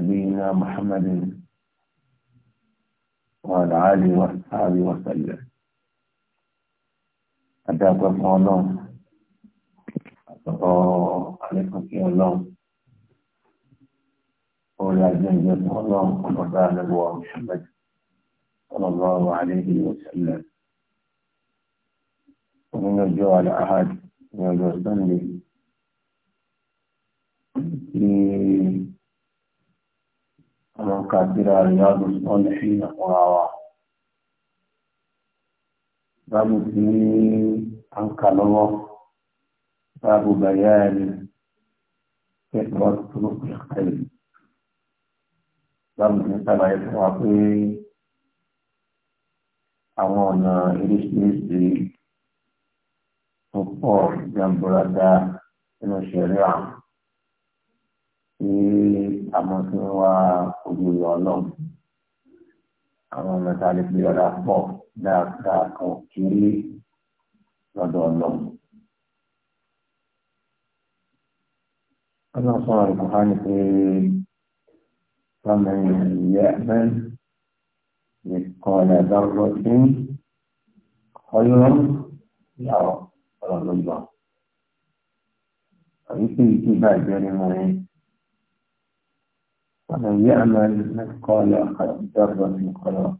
نبينا محمد وعلى آله وصحبه وسلم أدعوك الله أتقى عليكم يا الله أولى جنجة الله وبعد محمد صلى الله عليه وسلم ومن الجوع على من الجوع àwọn kàdírà Riyadu Salihin fúnra wa báàbù tí a ń kà lọ́wọ́ báàbù bàyá ẹni kẹ́kọ̀ọ́ tó ló pè kẹ́lẹ̀ báàbù tí ń sàlàyé fún wa pé àwọn ọ̀nà oríṣiríṣi tó pọ̀ jàǹbùrà dáa nínú ìṣẹ̀lẹ̀ àwọn tí àmọ́ fi ń wá ojú ìyá ọlọ́run àwọn ọmọ tá a lè fi ọ̀dà pọ̀ dáadáa kan kiri lọ́dọ̀ ọlọ́run. ọlọ́run sọ̀rọ̀ ìkọ̀hánì pé فمن يأمن مثقال ذرة خيرا يرى ọlọ́run ló gbà. àbí kí ìdí bàjẹ́ nínú ومن يعمل مثقال ذرة خيرا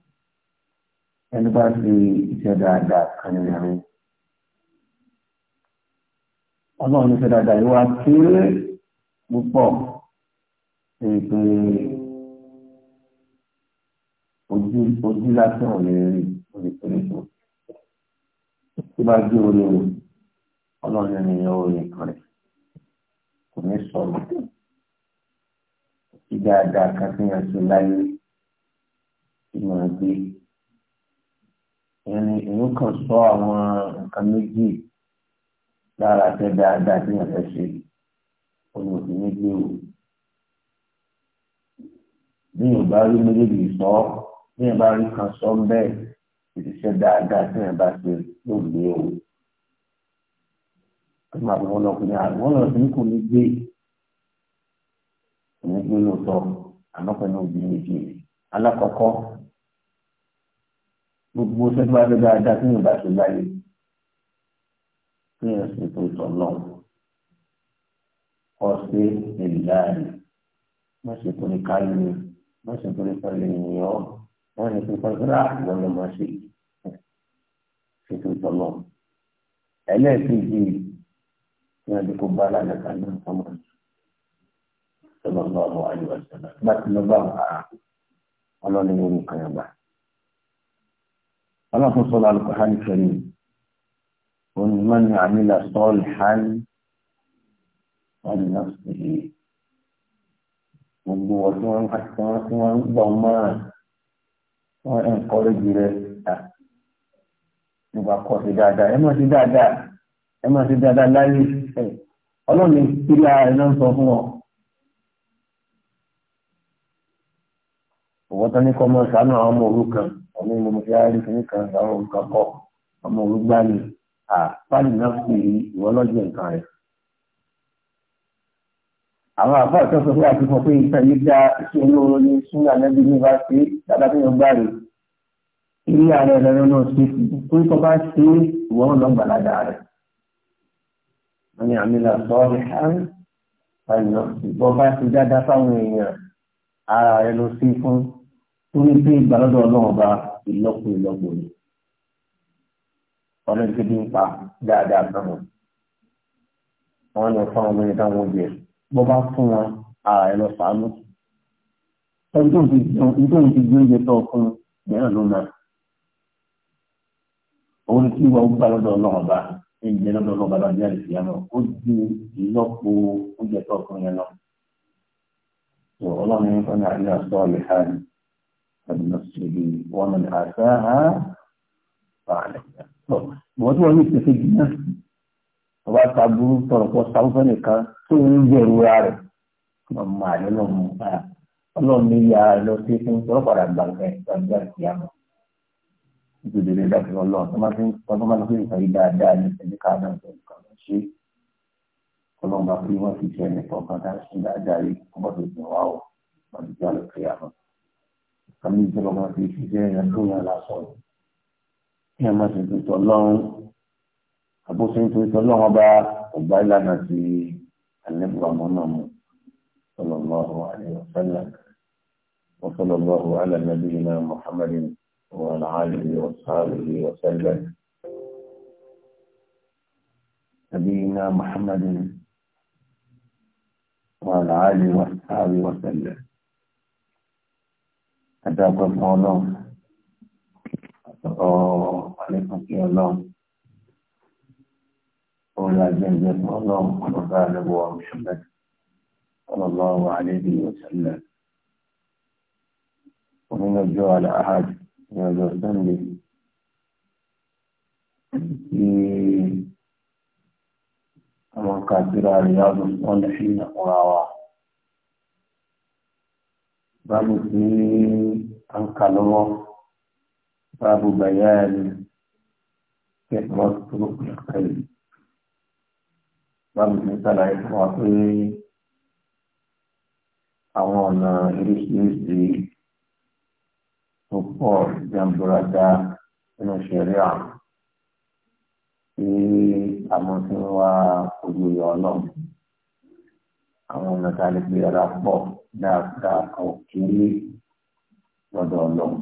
ẹni bá ṣe iṣẹ́ dáadáa kan ní ẹ̀rín ọlọ́run ní iṣẹ́ dáadáa yóò wá kéré púpọ̀ ètò ojú lásán lè rí oríṣiríṣi tí bá gbé orí o ọlọ́run ní ẹni yẹn orí kan rẹ̀ kò ní sọ̀rọ̀ ìdáadáa kan tí yẹn ṣe láyé ìmọ̀ gbé ẹni èyí kan sọ àwọn nǹkan méjì lára tẹ dáadáa tí yẹn fẹ́ ṣe ọ̀nà òfin méjì o bí yẹn bá rí méjèèjì sọ bí yẹn bá rí kan sọ ń bẹ́ẹ̀ ìṣiṣẹ́ dáadáa tí yẹn bá ṣe ló gbé o. Àwọn àgbọ̀n ọlọ́kùnrin àgbọ̀n ọlọ́kùnrin kò ní gbé nínú tọ àmọ́ pẹ̀lú òbí méjì rẹ̀ alákọ̀ọ́kọ́ gbogbo sẹ́tí wáyé dáadáa tí yóò bá ṣe láyé kí yóò ṣe tó tọ̀ lọ́wọ́ ọ̀sẹ̀ ìlànà wọ́n ṣe tó ní káyọ̀ ni wọ́n ṣe tó ní pẹ̀lú ènìyàn wọ́n ní pípa ìgbà àwọn ọmọ ṣe ṣe tó tọ̀ lọ́wọ́ ẹlẹ́ẹ̀kejì yìí kí wọ́n bá lálẹ́ kan náà ọmọ sọlọ lọ ọmọ àyùwà sọlọ bá ti lọ bá wọn ara ọlọ́ni lórí kanyọba ọlọ́fún sọlọ alukọ̀hánì kẹrin òun mọ́ ní àmìlà sọ́ọ̀lù hàn wọ́n ní náà sì yé gbogbo ọdún wọn àti wọn tí wọn ń gbà wọn máa wọn ẹ̀ ń kọ́rí jù rẹ̀ ta nípa kọ́ sí dáadáa ẹ má sí dáadáa ẹ má sí dáadáa sọ fún wọn. àwọn tán ní kọ́ mọ́ sánú àwọn ọmọ òrukàn ọmọ ìmọ̀ mo fi á rí kìíní kan àwọn òrukàn kọ́ ọmọ òrùgbá ni àpáàlì náà fi ìwọ lọ́jọ́ nǹkan rẹ̀. àwọn àbá ìtọ́sọ pé àti fún pé ìtàn yìí dá iṣẹ́ olóró ní súnà nẹ́bí ní bá ṣe dáadáa fún yọgbà rẹ̀ ilé ààrẹ rẹ̀ náà ṣe pé tó bá ṣe ìwọ náà gbàládà rẹ̀. wọ́n ní àmì sọ ọ́ ìbọn bá ṣe dáadáa fáwọn èèyàn ara rẹ̀ ló sí fún torí pé ìgbàlódé ọlọ́run bá ìlọ́po ìlọ́po ni ọlọ́run ti bí ń pa dáadáa náà wọ́n lọ fún àwọn ẹni táwọn jẹ bọ́ bá fún wọn ara ẹ lọ sàánú ẹni tó ń ti gbé oúnjẹ tó fún mìíràn ló máa òun kí wọ́n gbà lọ́dọ̀ ọlọ́run bá ìjẹ́ lọ́dọ̀ ọlọ́run bá bá jẹ́ àlùfíà ó ju ìlọ́po oúnjẹ tó fún yẹn lọ. ọlọ́run ní sọ́nà àdúrà sọ́ọ̀lù ṣáàdì. فلنفسه ومن آساها فعليها wọ́n tí wọ́n ní ìpèsè jìnnà ọba taburú tọrọpọ̀ sáfẹ́ nìkan tó ń jẹ̀rù ra rẹ̀ ọmọ àlẹ́ lọ́mọ ọlọ́run ní ya lọ sí Itu tọrọpàdà gbàgbẹ́ Allah. Semasa nítorí rẹ̀ dàbí ọlọ́run tó máa fi ń tọ́ tó máa fi ń sọ yìí dáadáa ní ìpèsè káàdà ìpèsè káàdà ṣe ọlọ́run bá fi wọ́n fi ṣe àmì ìjọba máa fi ṣiṣẹ́ ẹ̀kọ́ yẹn lásán kí a máa ṣe tuntun ọlọ́run àbóṣe nítorí ọlọ́run ọba ọba ìlànà ti àlẹ́bùrọ̀ àmọ́ náà mú sallallahu alaihi wasallam wa sallallahu ala nabiyyina muhammadin wa ala alihi wa sahbihi wa sallam nabiyyina muhammadin wa ala alihi wa sahbihi wa sallam adágbọ́ fún ọlọ́run àtọ̀rọ̀ àlékún sí ọlọ́run orí ajẹ́jẹ́ fún ọlọ́run ọlọ́ba àlẹ́wọ̀ ọ̀ṣọ́lẹ̀ sallallahu alayhi wa sallam onílọ́jọ́ aláhàd ní ọjọ́ sọ́ndé tí àwọn kàtírà rẹ̀ yàtọ̀ sọ́ndé fi nàkúra wa. báàbù tí a ń kà lọ́wọ́ báàbù bàyá ni kẹ́kọ̀ọ́ tó kẹ́kọ̀ọ́ yìí báàbù tí ń sàlàyé fún wa pé àwọn ọ̀nà oríṣiríṣi tó pọ̀ jàǹbùràdà nínú ṣẹ̀ríà tí àmọ́ tí ń wá ògbóyè ọlọ́run àwọn ọ̀nà tá a lè gbé ara pọ̀ dáadáa àwọn kéré lọ́dọ̀ ọlọ́run.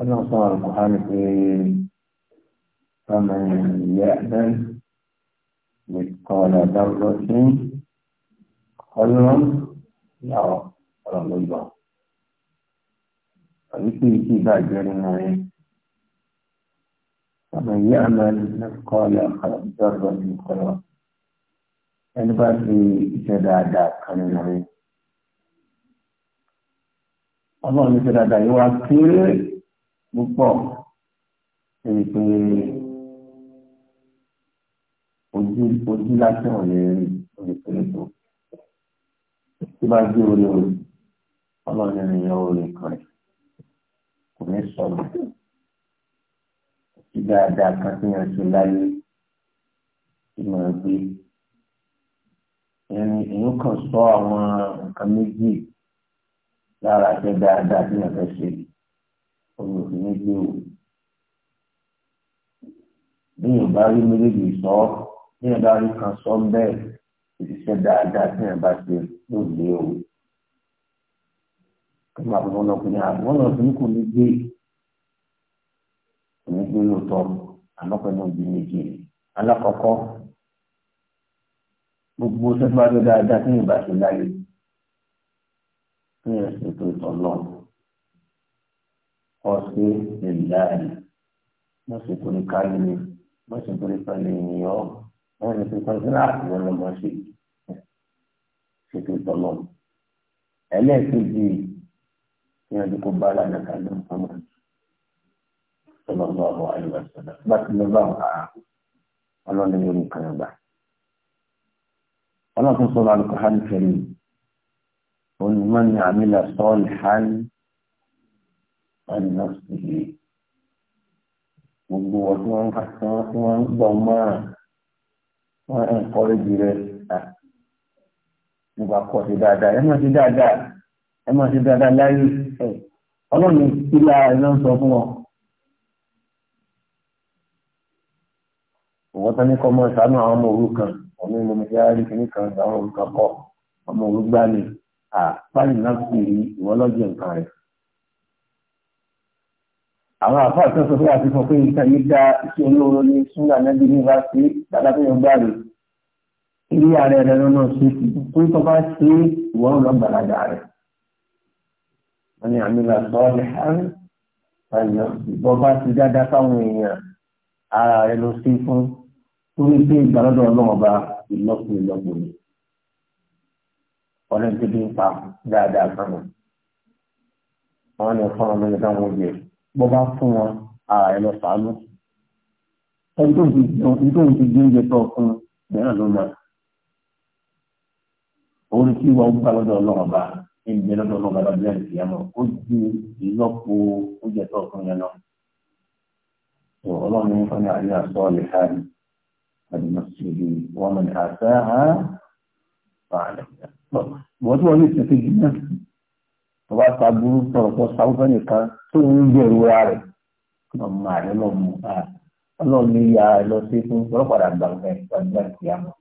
ọlọ́run sọ àrùkù hàn ní pé فمن يأذن مثقال ذرة خيرا يرى ọlọ́run ló yọ. àbí kí ìbàjẹ́ nínú rẹ̀. ومن يعمل مثقال ذرة خيرا ẹni bá fi iṣẹ́ dáadáa kan nínú rẹ̀ ọlọ́run ní iṣẹ́ dáadáa yìí wá kéré púpọ̀ èyí pé ojú ojú lásán ò orí pẹ̀lú tó tí bá gbé orí orí ọlọ́run ní orí kan rẹ̀ kò ní sọ̀rọ̀ tí dáadáa kan tí yàn ṣe láyé tí mọ̀ ọ́n gbé. Èyí kan sọ àwọn nǹkan méjì lára ṣe dáadáa tí yàn fẹ́ ṣe. Omi òfin ní o. Bí yàn bá rí méjèèjì sọ ọ́, bí yàn bá rí kan sọ bẹ́ẹ̀, ìṣiṣẹ́ dáadáa tí yàn bá ṣe ló lé o. Kí máa bọ̀ wọ́n lọ pé ní àwọn ọ̀nà òfin kò ní gbé èmi gbé lóòótọ́ àmọ́ pẹ̀lú òbí méjì rẹ̀ alákọ̀ọ́kọ́ gbogbo sẹ́fún adó dáadáa kí yorùbá ṣe láyé kí yorùbá ṣe tó tọ̀ lọ ọ̀sẹ̀ ìlànà wọ́n ṣe torí káyọ̀ ni wọ́n ṣe torí pẹ̀lú ènìyàn wọ́n ṣe torí pẹ̀lú láàbù wọn lọ́mọ ṣe ṣe tó tọ̀ lọ ẹlẹ́ẹ̀kejì kí wọ́n ti kó bá lànà kálọ̀ ọmọ rẹ̀ sallallahu alaihi wasallam bá ti lọ bá wọn àá ọlọ́run ní orí kan gbà. ọlọ́run sọ̀rọ̀ alukóhánì kẹrin olùmọ́ni àmìlà sọ́ọ̀lì hàn ọ̀nà sílẹ̀ gbogbo ọdún wọn kà sí wọn tí wọn ń gbọ́ máa wọn ẹ̀ ń kọ́rẹ́jì rẹ̀ nígbà kọ́ sí dáadáa ẹ máa ṣe dáadáa ẹ máa ṣe dáadáa láyé ọlọ́run ìpínlẹ̀ ẹ̀ náà sọ fún wọn. àwọn tó ní kọ́ mọ́ ṣàánú àwọn ọmọ òrukàn ọmọ ìlú mẹ́tíárì kìíní kan àwọn òrukàn kọ́ ọmọ òrùgbá ni àpáyì náà sì rí ìwọ́lọ́jẹ̀ nǹkan rẹ̀. àwọn àfáà tó sọ pé àti sọ pé nǹkan yìí dá iṣẹ́ olóró ní súnà nẹ́bí ní bá sí dáadáa tó yọgbà rè ilé ààrẹ rẹ lọ́nà ṣe tó tó bá ṣe ìwọ́n lọ gbàlagbà rẹ̀. wọ́n ní àmì ìlà sọ torí pé ìgbàlódé ọlọ́run ọba ìlọ́pù ni ọ̀rẹ́ tó bí ń pa dáadáa fún wọn wọn ni fún wọn lórí táwọn oúnjẹ bó bá fún wọn ara ẹ lọ sàánú ẹni tó ń ti gbé oúnjẹ tó fún mìíràn ló mọ orí tí wọn gbà lọ́dọ̀ ọlọ́run ọba ìgbẹ lọ́dọ̀ ọlọ́run ọba bílẹ̀ nìyà mọ ó ju ìlọ́pù oúnjẹ tó fún yẹn lọ ọlọ́run ní fún mi àríyá sọ́ọ̀lì káàdì. المسجد ومن آتاها فعليها wọ́n tí wọ́n ní ìsìnkú jù náà tó bá sàbúrú sọ̀rọ̀pọ̀ sáwọ́fẹ́ nìkan tó ń gbèrú ra rẹ̀ ọmọ rẹ̀ lọ mú a ya lọ sí fún ọlọ́pàá gbàgbà ìgbàgbà ìyàmọ̀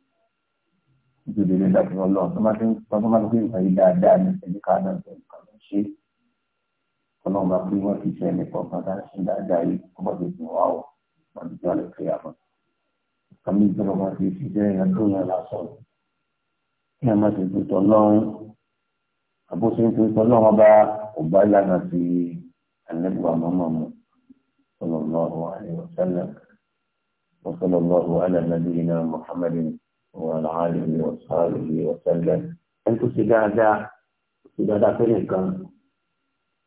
ìjọba ilé ìdájọ́ ọlọ́run tó máa ti ń tọ́ tó máa ti pín ìpàdé dáadáa ní ẹ̀mí ká náà ṣe nǹkan ló ṣe ọlọ́run bá pín wọ́n ti ṣe ẹnì kọ̀ọ̀kan tá a ṣe dáadáa yìí kó àmì ìgbọ̀rọ̀ máa fi ṣiṣẹ́ ẹ̀dùn yẹn lásán kí a máa ṣe tó tọ́ lọ́run àbóṣe ń tó tọ́ lọ́run ọba ọba ìlànà ti ànẹ́gbà mọ́mọ́ mu sallallahu alaihi wasallam wa sallallahu ala nabiyina muhammadin wa ala alihi wa sahbihi wa sallam ẹni tó ṣe dáadáa ṣe dáadáa pé nìkan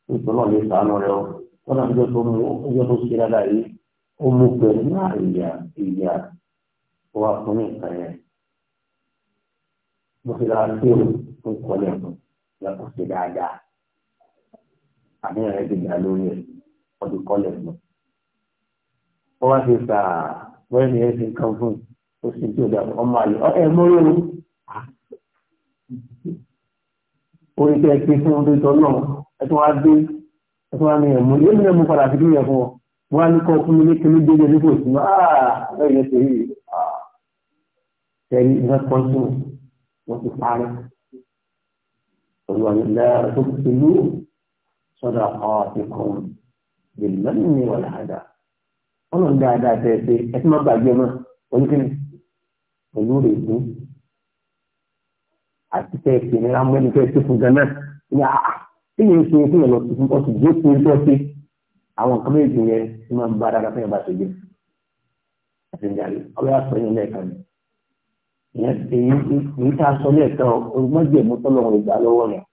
nítorí wọn lè rẹ ọ wọn náà tó mú ó tó ṣe dáadáa yìí ó mú pẹ̀lú náà ìyá ìyá wà fún ní yẹn mo fi ra sí fún kọlẹ̀ fún yàtọ̀ sí dáadáa àmì rẹ̀ ti gbà lórí ẹ̀ ọdún kọlẹ̀ fún. ó wá sí sàá wọ́n ní ẹ̀ sì ń kan fún ó sì tí dà ọmọ àlè ọ ẹ̀ mọ́ lóru orí tẹ́ ẹ fún ọdún tó náà ẹ tún wá dé ẹ tún wá ní ẹ̀mú yóò ní ẹ̀mú padà sí kí yẹ fún ọ wọn á ní kọ́ fún mi ní kíní gbé ní kò sí náà ẹ̀yẹ tèyí ah tẹ̀lé iná kọ́ńtù wọ́n ti parẹ́. Olùwàlúwà tó pẹ̀lú sọ́dọ̀ ọ̀ọ́tìkùn bìlọ́nì ni wọ́n dáadáa. Wọ́n lọ dáadáa tẹ̀ ṣe ẹ ti máa gbàgbé mọ́ oníkìlì pẹ̀lú rẹ̀ dé. Àti tẹ̀ ṣe ní Rámúẹ́lì tẹ̀ ṣe fún Gánà ní àá. Kí ni ṣe kí lọ sí fún ọ̀sùn jó fún ẹjọ́ sí? Àwọn nǹkan méjì yẹn ti máa ń bá dáadáa fún ìbáṣe jẹ. Àti ìjà rẹ̀ ọlọ́yà sọ yẹn lẹ́ẹ̀kan yìí èyí tá a sọ ní ẹ̀ka mọ́jẹ̀mú tọ́lọ́run ìgbà lọ́wọ́ rẹ̀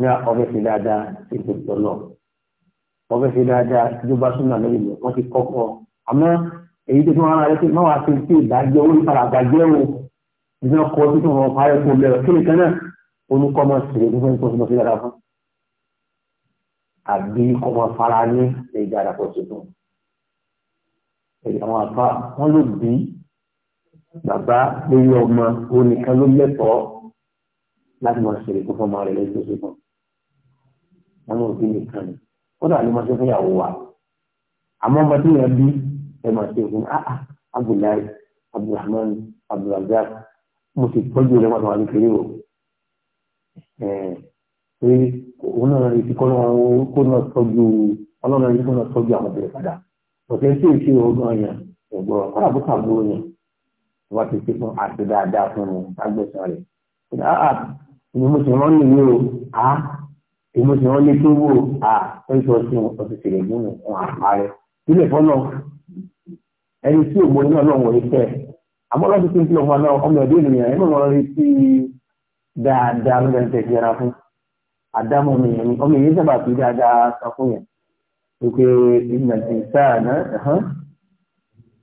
ní ọbẹ̀ sí dáadáa sí ìgbòtò lọ ọbẹ̀ sí dáadáa sí tó bá súnmọ́ lórí mi wọ́n ti kọ́kọ́ àmọ́ èyí tó tún ara rẹ̀ pé máa wá sí sí ìdájọ́ orí padà gbàgbẹ́ o ìdí náà kọ́ títún wọn parẹ́ kó lẹ́rọ̀ kí nìkan náà olùkọ́ máa sì lè fún ìkọ́sí lọ sí fún àbí kọ́ máa fara ní ìgbà àdàpọ̀ tuntun bàbá lórí ọmọ òun nìkan ló lẹ́tọ̀ọ́ láti máa ṣe ìkú fọmọ rẹ̀ lẹ́gbẹ̀ẹ́ sí kan àwọn òbí nìkan ni kódà ló máa ṣe fún wa àmọ́ ọmọ tí yẹn bí ẹ máa ṣe fún ah, ah, abdullahi abdulrahman abdulrazak mo tọ́jú rẹ̀ wọ́n o pé òun náà rí ti kó náà tọ́jú ọlọ́run rí kó náà tọ́jú àwọn obìnrin padà ọ̀sẹ̀ tí ò ṣe ọgbọ́n yẹn ẹ̀gbọ́n bó wọ́n ti ṣe fún àti dáadáa fún mi lágbèsàn rẹ̀. Àà ah, ni ah, mo ṣe wọ́n nìyí o, à ah, ni mo ṣe wọ́n lé tó wò ó, à ó sọ sí ọ̀sẹ̀sẹ̀ rẹ̀ nínú ohun àpárẹ̀. Ilé ìfọ́nà ẹni tí ògbó iná náà wọ̀ iṣẹ́ àmọ́ lọ́sí tí ń fi ọmọ náà ọmọ ẹ̀dẹ́ ènìyàn ẹ̀ mọ̀ rí sí dáadáa ló dẹ̀ ń tẹ̀sí ara fún. Àdámọ̀ mi yẹn ni ọmọ èyí sábà fi dáadáa sọ fún yẹn. Ó pe ìgbà tí sáà náà,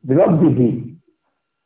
bìrọ̀ bìbì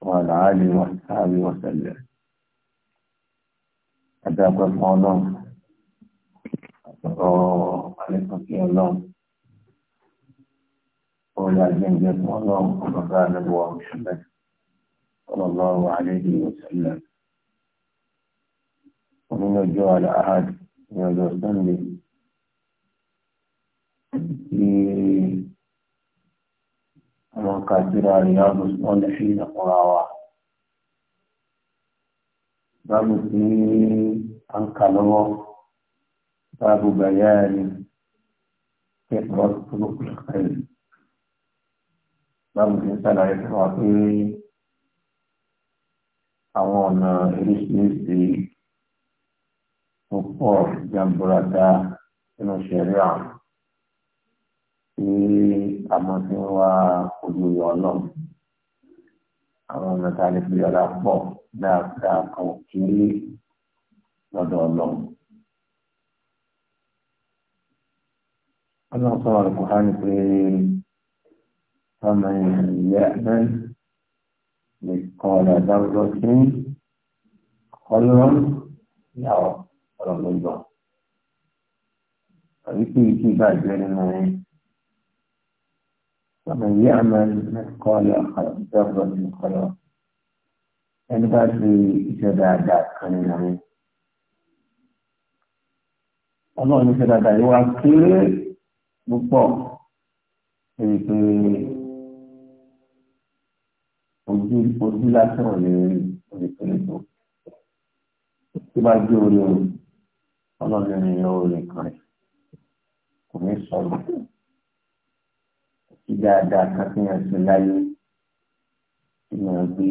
وعلى آله وصحبه وسلم أدعوكم فún Ọlọ́run àtọ̀rọ̀ àlékún sí Ọlọ́run orí àjẹjẹ fún Ọlọ́run ọgbà àlẹbùwà òṣèlè sallallahu alayhi wa sallam onínàjọ àlàáhàd ní ọjọ́ Sunday tí àwọn kàtíra ríyàdù wọ́n fi ìdàkọ́ra wa báàbù tí a ń kà lọ́wọ́ báàbù bàyá ni kẹ́kọ̀ọ́ tó lókùn ẹ̀rì báàbù tí ń sàlàyé fún wa pé àwọn ọ̀nà oríṣiríṣi tó pọ̀ jàǹbùràdà nínú ṣẹ̀rí àrùn tí a mọ̀ sí ń wá ojú yọ ọlọ́run àwọn ọ̀nà tá a lè fi yọ̀dá pọ̀ dáadáa kan kiri lọ́dọ̀ ọlọ́run. ọlọ́run sọ̀rọ̀ Al-Kùránì pé ọmọ ìyá ẹ̀ lè kọ́ ọ̀nà ìdánwò sí ọlọ́run ìyàwó ọlọ́run ló yọ. ìkí bàjẹ́ nínú yín. ومن يعمل مثقال ذرة خيرا ẹni bá ṣe iṣẹ́ dáadáa kan nínú rẹ̀. ọlọ́run ní iṣẹ́ dáadáa yìí wá kéré púpọ̀ èyí pé ojú ojú lásán lè rí orí pẹ̀lú tó. tó bá jẹ́ orí o ọlọ́run ní orí kan rẹ̀ kò ní sọ̀rọ̀ tí dáadáa kan fi hàn sí láyé ìmọ̀ràn gbé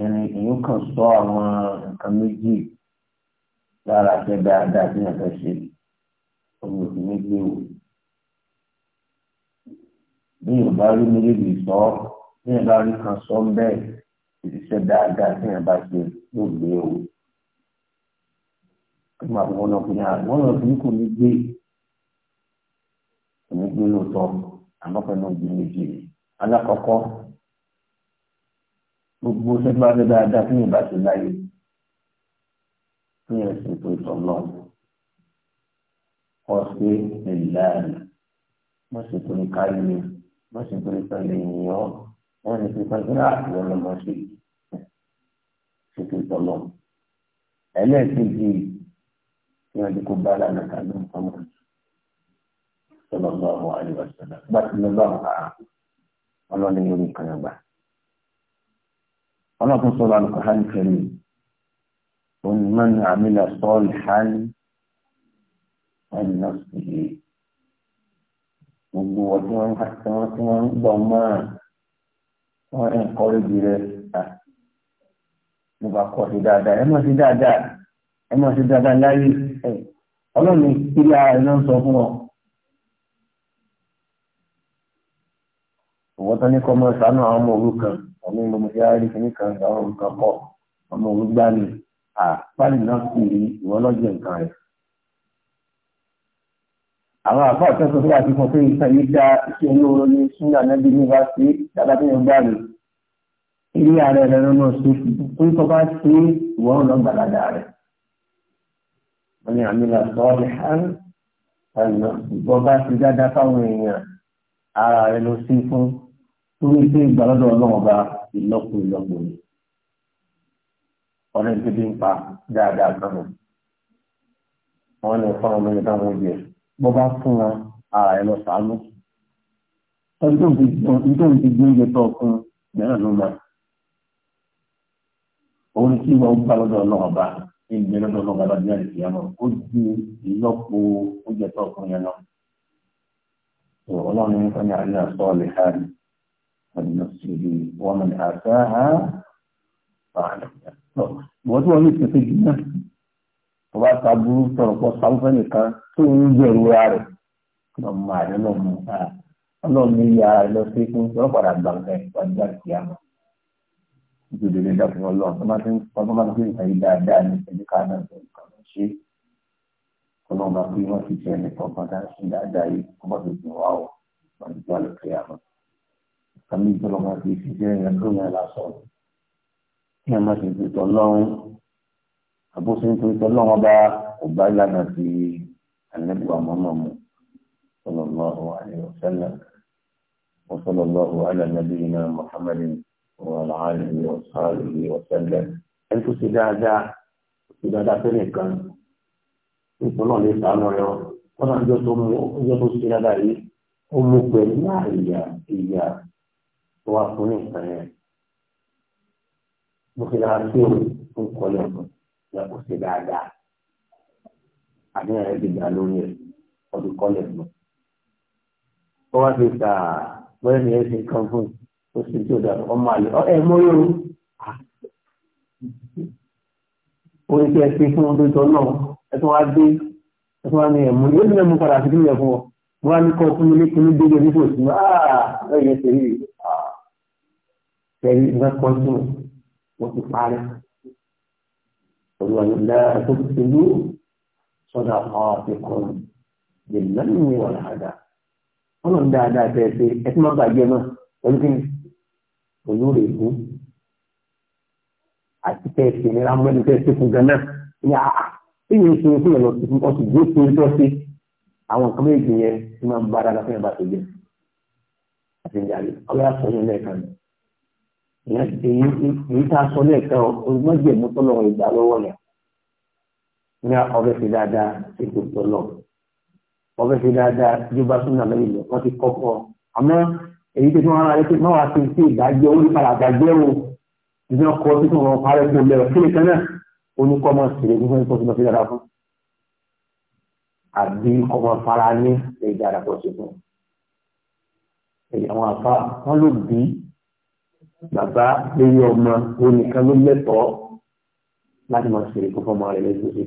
ìrìn ìyún kan sọ àwọn nǹkan méjì lára fẹ́ dáadáa tí wọ́n fẹ́ ṣe omi òfin méjì wò bí yóò bá rí méjèèjì sọ bí yóò bá rí kan sọ bẹ́ẹ̀ ìṣiṣẹ́ dáadáa tí yóò bá ṣe yóò gbé o. Wọ́n máa wọ́n lọ fún yàrá wọ́n lọ kò ní gbé gbé lóòótọ́ àmọ́ pẹ̀lú ọ̀gbìn méjì rẹ̀ alákọ̀ọ́kọ́ gbogbo sẹ́gbà fẹ́ dáadáa fún ìgbà tó láyé fún ẹ̀sìn tó tọ̀ lọ ọ̀sẹ̀ ìlànà wọ́n sì torí káyọ̀ mi wọ́n sì torí pẹ̀lú ìyọ́ wọ́n sì torí pẹ̀lú àti ọlọ́mọṣẹ́ sì tó tọ̀ lọ ẹlẹ́ẹ̀kejì tí wọ́n ti kó bá lánàá kàdé nǹkan sallallahu alaihi wasallam bá ti lọ bá wọn kà á ọlọ́ni lórí ìkànnì gbà. ọlọ́kùn sọ̀rọ̀ alukọ̀hán kẹrì onímọ̀nì àmìlà sọ́ọ̀lì hàn ẹ̀nà sílẹ̀ gbogbo ọtí wọn tí wọn tí wọn gbọ́ mọ́ wọn ẹ̀ńkọ́rẹ́jì rẹ̀ nípa kọ́ sí dáadáa ẹ̀ mọ̀ sí dáadáa ẹ̀ mọ̀ sí dáadáa láyé ọlọ́run ìpínlẹ̀ ara ẹ̀ náà sọ fún wọn. àwọn tó ní kọ́ mọ́ sánú àwọn ọmọ òru kan ọmọ ìlú mọ̀ṣẹ́rì kìíní kan àwọn òru kan kọ́ ọmọ òru gbá ni àpáàlì náà sì rí ìwọ lọ́jọ́ nǹkan rẹ̀. àwọn àpá ọ̀tẹ́sọ̀ tó wà sí fún pé ìtàn yìí dá iṣẹ́ olóró ní súnà nẹ́bí ní bá sí dáadáa tó yẹn gbá mi. ilé ààrẹ rẹ lọ́nà ṣe tó ń tọ́ka sí ìwọ ọ̀nà gbàládà rẹ̀. wọ́n ní àmì làbọ́ọ̀lì hàn ara rẹ ló sí fún torí pé ìgbàlódé ọlọ́run bá ìlọ́pọ̀ ìlọ́pọ̀ ni ọ̀rẹ́ tó bí ń pa dáadáa kan nù wọ́n lè fọ́n ọmọ yẹn táwọn oúnjẹ bó bá fún wọn ara ẹ lọ sàánú ọdún tó ń ti gbé oúnjẹ tó ọkùn mìíràn ló máa òun tí wọn gbà lọ́dọ̀ ọlọ́run bá ìgbẹ́ lọ́dọ̀ ọlọ́run bá díẹ̀ lè yàmọ̀ ó ju ìlọ́pọ̀ oúnjẹ tó ọkùn yẹn lọ ọlọ́run ní sọ́ni àríyá sọ́ọ̀lì hàn ولنفسه ومن آتاها فأعلم wọ́n tí wọ́n ní ìpínlẹ̀ jù náà tó bá taburú tọ̀rọ̀pọ̀ sáwọ́fẹ́ nìkan tó ń jẹ̀rù ara rẹ̀ lọ́mọ àrẹ lọ́mọ ara ọlọ́run ní iye ara rẹ̀ lọ sí fún yọ́ padà gbà nǹkan ìpàdé àti àmọ́ ìjọba ilé dàpọ̀ ọlọ́run tó máa ti ń pọ́n tó máa ti ń gbé ìtàgé dáadáa ní ìpínlẹ̀ ká náà ṣe ọlọ́run bá ti jẹ́ ẹnì kọ̀ọ̀kan dá sí dáadáa yìí kó tàbí ìjọba máa fi ṣiṣẹ́ yẹn tó yẹn lásán kí ẹ má ṣe ti tọ́ lọ́rùn àbóṣe ń tọ́ lọ́rùn ọba ọba ìlànà ti ànẹ́bùwà mọ́mọ́ mu sallallahu alaihi wasallam wa sallallahu ala nabiyina muhammadin wa ala alihi wa sahbihi wa sallam ẹni tó ṣe dáadáa ṣe dáadáa fẹ́ nìkan ìpínlẹ̀ lè sàánú wá fún ní nǹkan yẹn bó ṣe lára tí òun ń kọlé ọ̀gbọ̀n ya kò ṣe dáadáa àdéhùn rẹ̀ ti gbà lórí ẹ̀ ọdún kọlé ọ̀gbọ̀n. ó wá fi ta bọ́lá ni ẹ ṣe kan fún ó sì tí ò dáa ọmọ àlè ọ ẹ mọ yóò ó ní kí ẹ ṣe fún ọdún tó náà ẹ tún wá dé ẹ tún wá ní ẹ̀mú yóò ní ẹ̀mú padà sí kí ni ẹ fún ọ wọn ní kọ́ fún mi ní kí ní dédé sí ní ẹ yẹn ṣe rí tẹ̀lé iná kọ́ńtù wọ́n ti parí. Olúwa ní lára tó ti ti lú sọ́dà ọ̀ọ́dẹ kan lè lẹ́nu ní wọ̀lá àdá. Wọ́n lọ dáadáa tẹ̀ ṣe ẹ tí wọ́n bàjẹ́ náà pẹ̀lú kí olóore ìlú àti tẹ̀ ṣe ní rámọ́ni tẹ̀ ṣe fún Ghana ní àá. Èyí ń ṣe fún ìlọ sí ọ̀sùn gbé fún ìtọ́ sí àwọn nǹkan méjì yẹn tí máa ń bá dáadáa fún ìbáṣe jẹ. Àti ìjà rẹ̀ ọlọ́yà sọ ní ilé èyí tá a sọ lẹ́ẹ̀kan olùmọ́jẹ̀mú tọ́lọ̀ ìgbà lọ́wọ́ rẹ̀ ní ọbẹ̀ fi dáadáa ètò tọ́lọ̀ ọbẹ̀ fi dáadáa ìjọba súnà lẹ́yìn lọ wọ́n ti kọ́kọ́ àmọ́ èyí tó tún ara rẹ̀ pé máa wá sí sí ìdájọ́ orí padà dájọ́ o ìdí wọn kọ́ títún wọn parẹ́ tó lẹ́rọ kí nìkan náà oníkọ́ máa sì lè ní fún ìtọ́sí lọ́sí dáadáa fún àbí ọmọ fara ní èyí pọ̀ sí fún èyí àwọn àfa wọn ló bí bàbá lórí ọmọ onìkan ló lẹ́tọ̀ọ́ láti máa ṣe èkó fọmọ rẹ̀ lẹ́yìn tó ṣe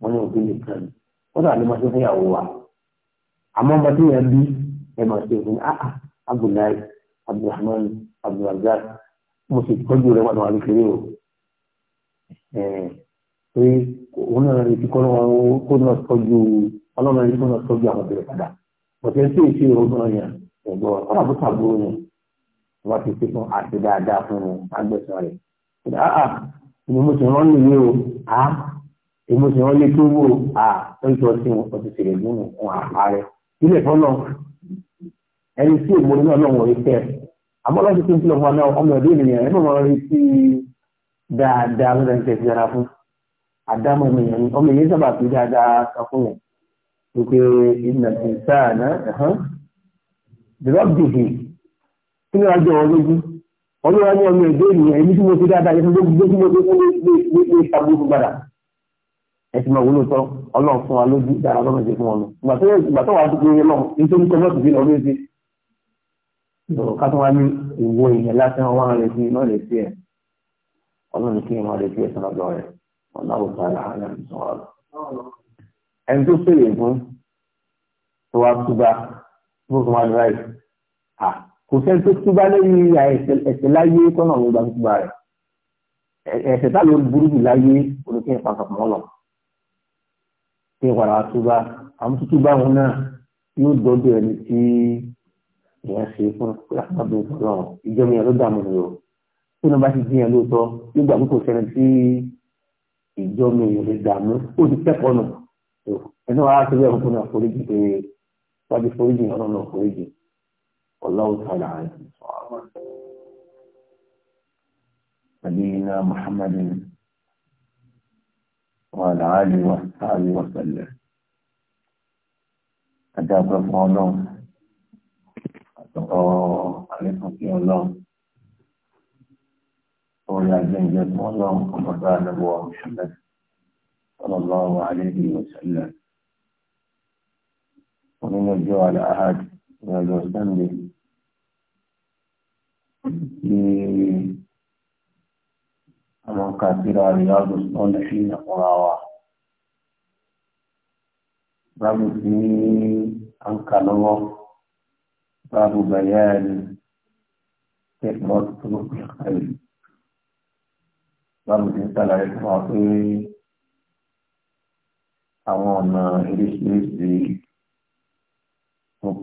fún ní òbí nìkan ni ó dà ma máa ṣe fúnyàwó wa àmọ́ ọmọ tí yẹn bí ẹ máa ṣe fún ah, ah, abdullahi abdulrahman abdulrazak mo sì tọ́jú rẹ̀ o pé òun náà kó náà tọ́jú kó náà tọ́jú àwọn ọ̀bẹ̀rẹ̀ padà tí èsì yẹn ẹ̀gbọ́n yẹn wọ́n ti fi fún àti dáadáa fún un agbẹ̀sán rẹ̀. Àà ni mo ti rán lè wé o, à ni mo ti rán lè tó wó o, à ó jọ sí wọn kò ti ṣèlè nínú fún àpá rẹ̀. Ilé ìfọ́ náà ẹni tí òmòrò náà náà wọ̀nyí tẹ̀. Àmọ́ lọ́sí tó ń tilọ̀ fún àwọn ọmọ ẹ̀dọ́ ènìyàn ẹ̀ mọ̀ rí sí dáadáa lọ́dọ̀ ní tẹ̀sí ara fún. Àdámọ̀ ènìyàn ni ọmọ èyí sábà fi dáadáa sọ fún yẹn. Wípé ìnà ìsáà náà, ẹ̀hán, the rub the heat kí ni àjọ wọn lójú ọlọ́wọ́ ní ọmọ ẹ̀dọ́ ènìyàn èmi tí mo fi dáadáa yẹn gbogbo tí mo fi fún mi lè ṣàgbóso padà ẹ ti máa wúlò tọ́ ọlọ́run fún wa lójú dára lọ́nà ìṣe fún ọlọ́ ìgbà tó wà á dúpọ̀ yẹn lọ nítorí kọ́mọ́tì sí lọ́wọ́ èsì ká tó wá ní ìwọ èèyàn lásán wá rẹ̀ sí iná rẹ̀ sí ẹ̀ ọlọ́run kí ìmọ̀ rẹ̀ sí ẹ̀ sọ́nà lọ́rẹ̀ ọ̀nà òkú àlàáhàlà ìṣọ̀rọ̀ ẹni tó fèrè fún tó wá túbà fún tó wá ní ráì kò sẹ́ni tó túbá lẹ́yìn ẹ̀ṣẹ̀ láyé tọ́nà ló gba túbá rẹ̀ ẹ̀ṣẹ̀ tá ló burú jù láyé olùkẹ́ ìpàkàpọ̀ mọ́lọ̀ kí wàrà túbá àwọn túbá wọn náà yóò dọ́dọ̀ ẹni tí èèyàn ṣe fún lápapọ̀ ìtọ́nà ìjọba yẹn ló dààmú ni o tí wọn bá ti dín yẹn lóòótọ́ nígbà tó kò sẹ́ni tí ìjọba yẹn lè dààmú ó ti kẹ́kọ̀ọ́ nù ẹni wàá ti bẹ́ẹ̀ fún والله تعالى عالم نبينا محمد وعلى آله وصحبه وسلم أدعو الله الله محمد صلى الله عليه وسلم ومن الجوع على ọ̀rọ̀ sunday ní àwọn kàtíra riyadu salihin ọ̀rọ̀ wa báàbù tí a ń kà lọ́wọ́ báàbù bayani kẹ́kọ̀ọ́ tó lókè kàlẹ̀ báàbù tí ń sàlàyé fún wa pé àwọn ọ̀nà oríṣiríṣi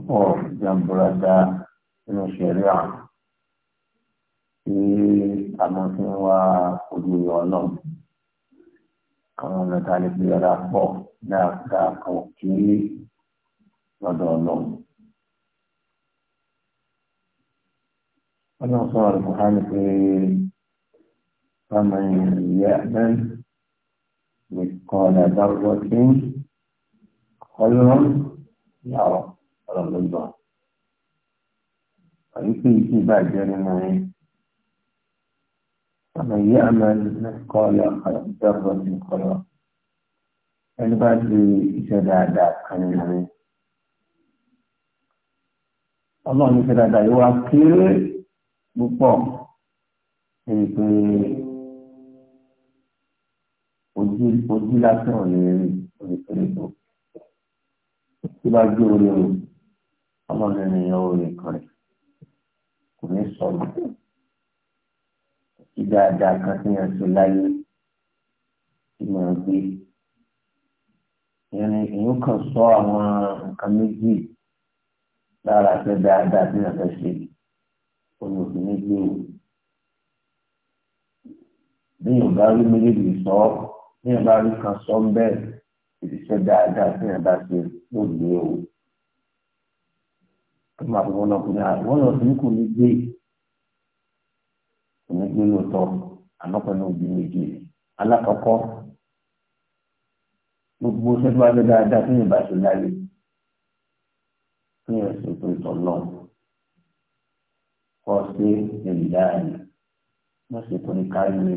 pọ̀ jàǹbùràdà nínú ṣẹ̀ríà tí a mọ̀ fi ń wá ojú ọ̀nà àwọn ọ̀nà tá a lè fi yọ̀dà pọ̀ dáadáa kan kí lọ́dọ̀ ọ̀nà. ọ̀nà sọ̀rọ̀ àlùkùránì pé fáwọn èèyàn yẹ ẹ̀dẹ́n lè kọ́ ọ̀nà dáwọ́ sí ọlọ́gbọ́gbà àyíkú ìkú ìbàjẹ́ nínú yín ọ̀nà yìí àmà mẹ́kọ́lá ọ̀dọ́gbọ̀ ti kọ́lọ́ ẹni bá di iṣẹ́ dáadáa kan nínú yín ọlọ́run iṣẹ́ dáadáa yóò wá kéré púpọ̀ ẹni pé ojú lásán ò lè rí orí orí orí ọlọ́run ni yóò rí kan rẹ̀ kò ní sọnù kí dáadáa kan tí yẹn ṣe láyé tí mo gbé èyàn kan sọ àwọn nǹkan méjì lára pé dáadáa tí yẹn fẹ́ ṣe olùkí méjì o bí yóò bá rí méjèèjì sọ bí yóò bá rí kan sọ ń bẹ́ẹ̀ ìṣe dáadáa tí yẹn bá ṣe ló gbé o tó bá fún ọlọ́pù ní àárọ̀ wọ́n lọ sí kò ní gbé kò ní gbé lóòótọ́ àmọ́ pẹ̀lú òbí méjì alákọ̀ọ́kọ́ gbogbo sẹ́tù wá bẹ́ dáadáa fún ìbàṣẹ láyé fún ẹ̀sìn tó ìtọ̀ lọ kọ́ sí ìrìlá rẹ̀ wọ́n sì tó ní kárí mi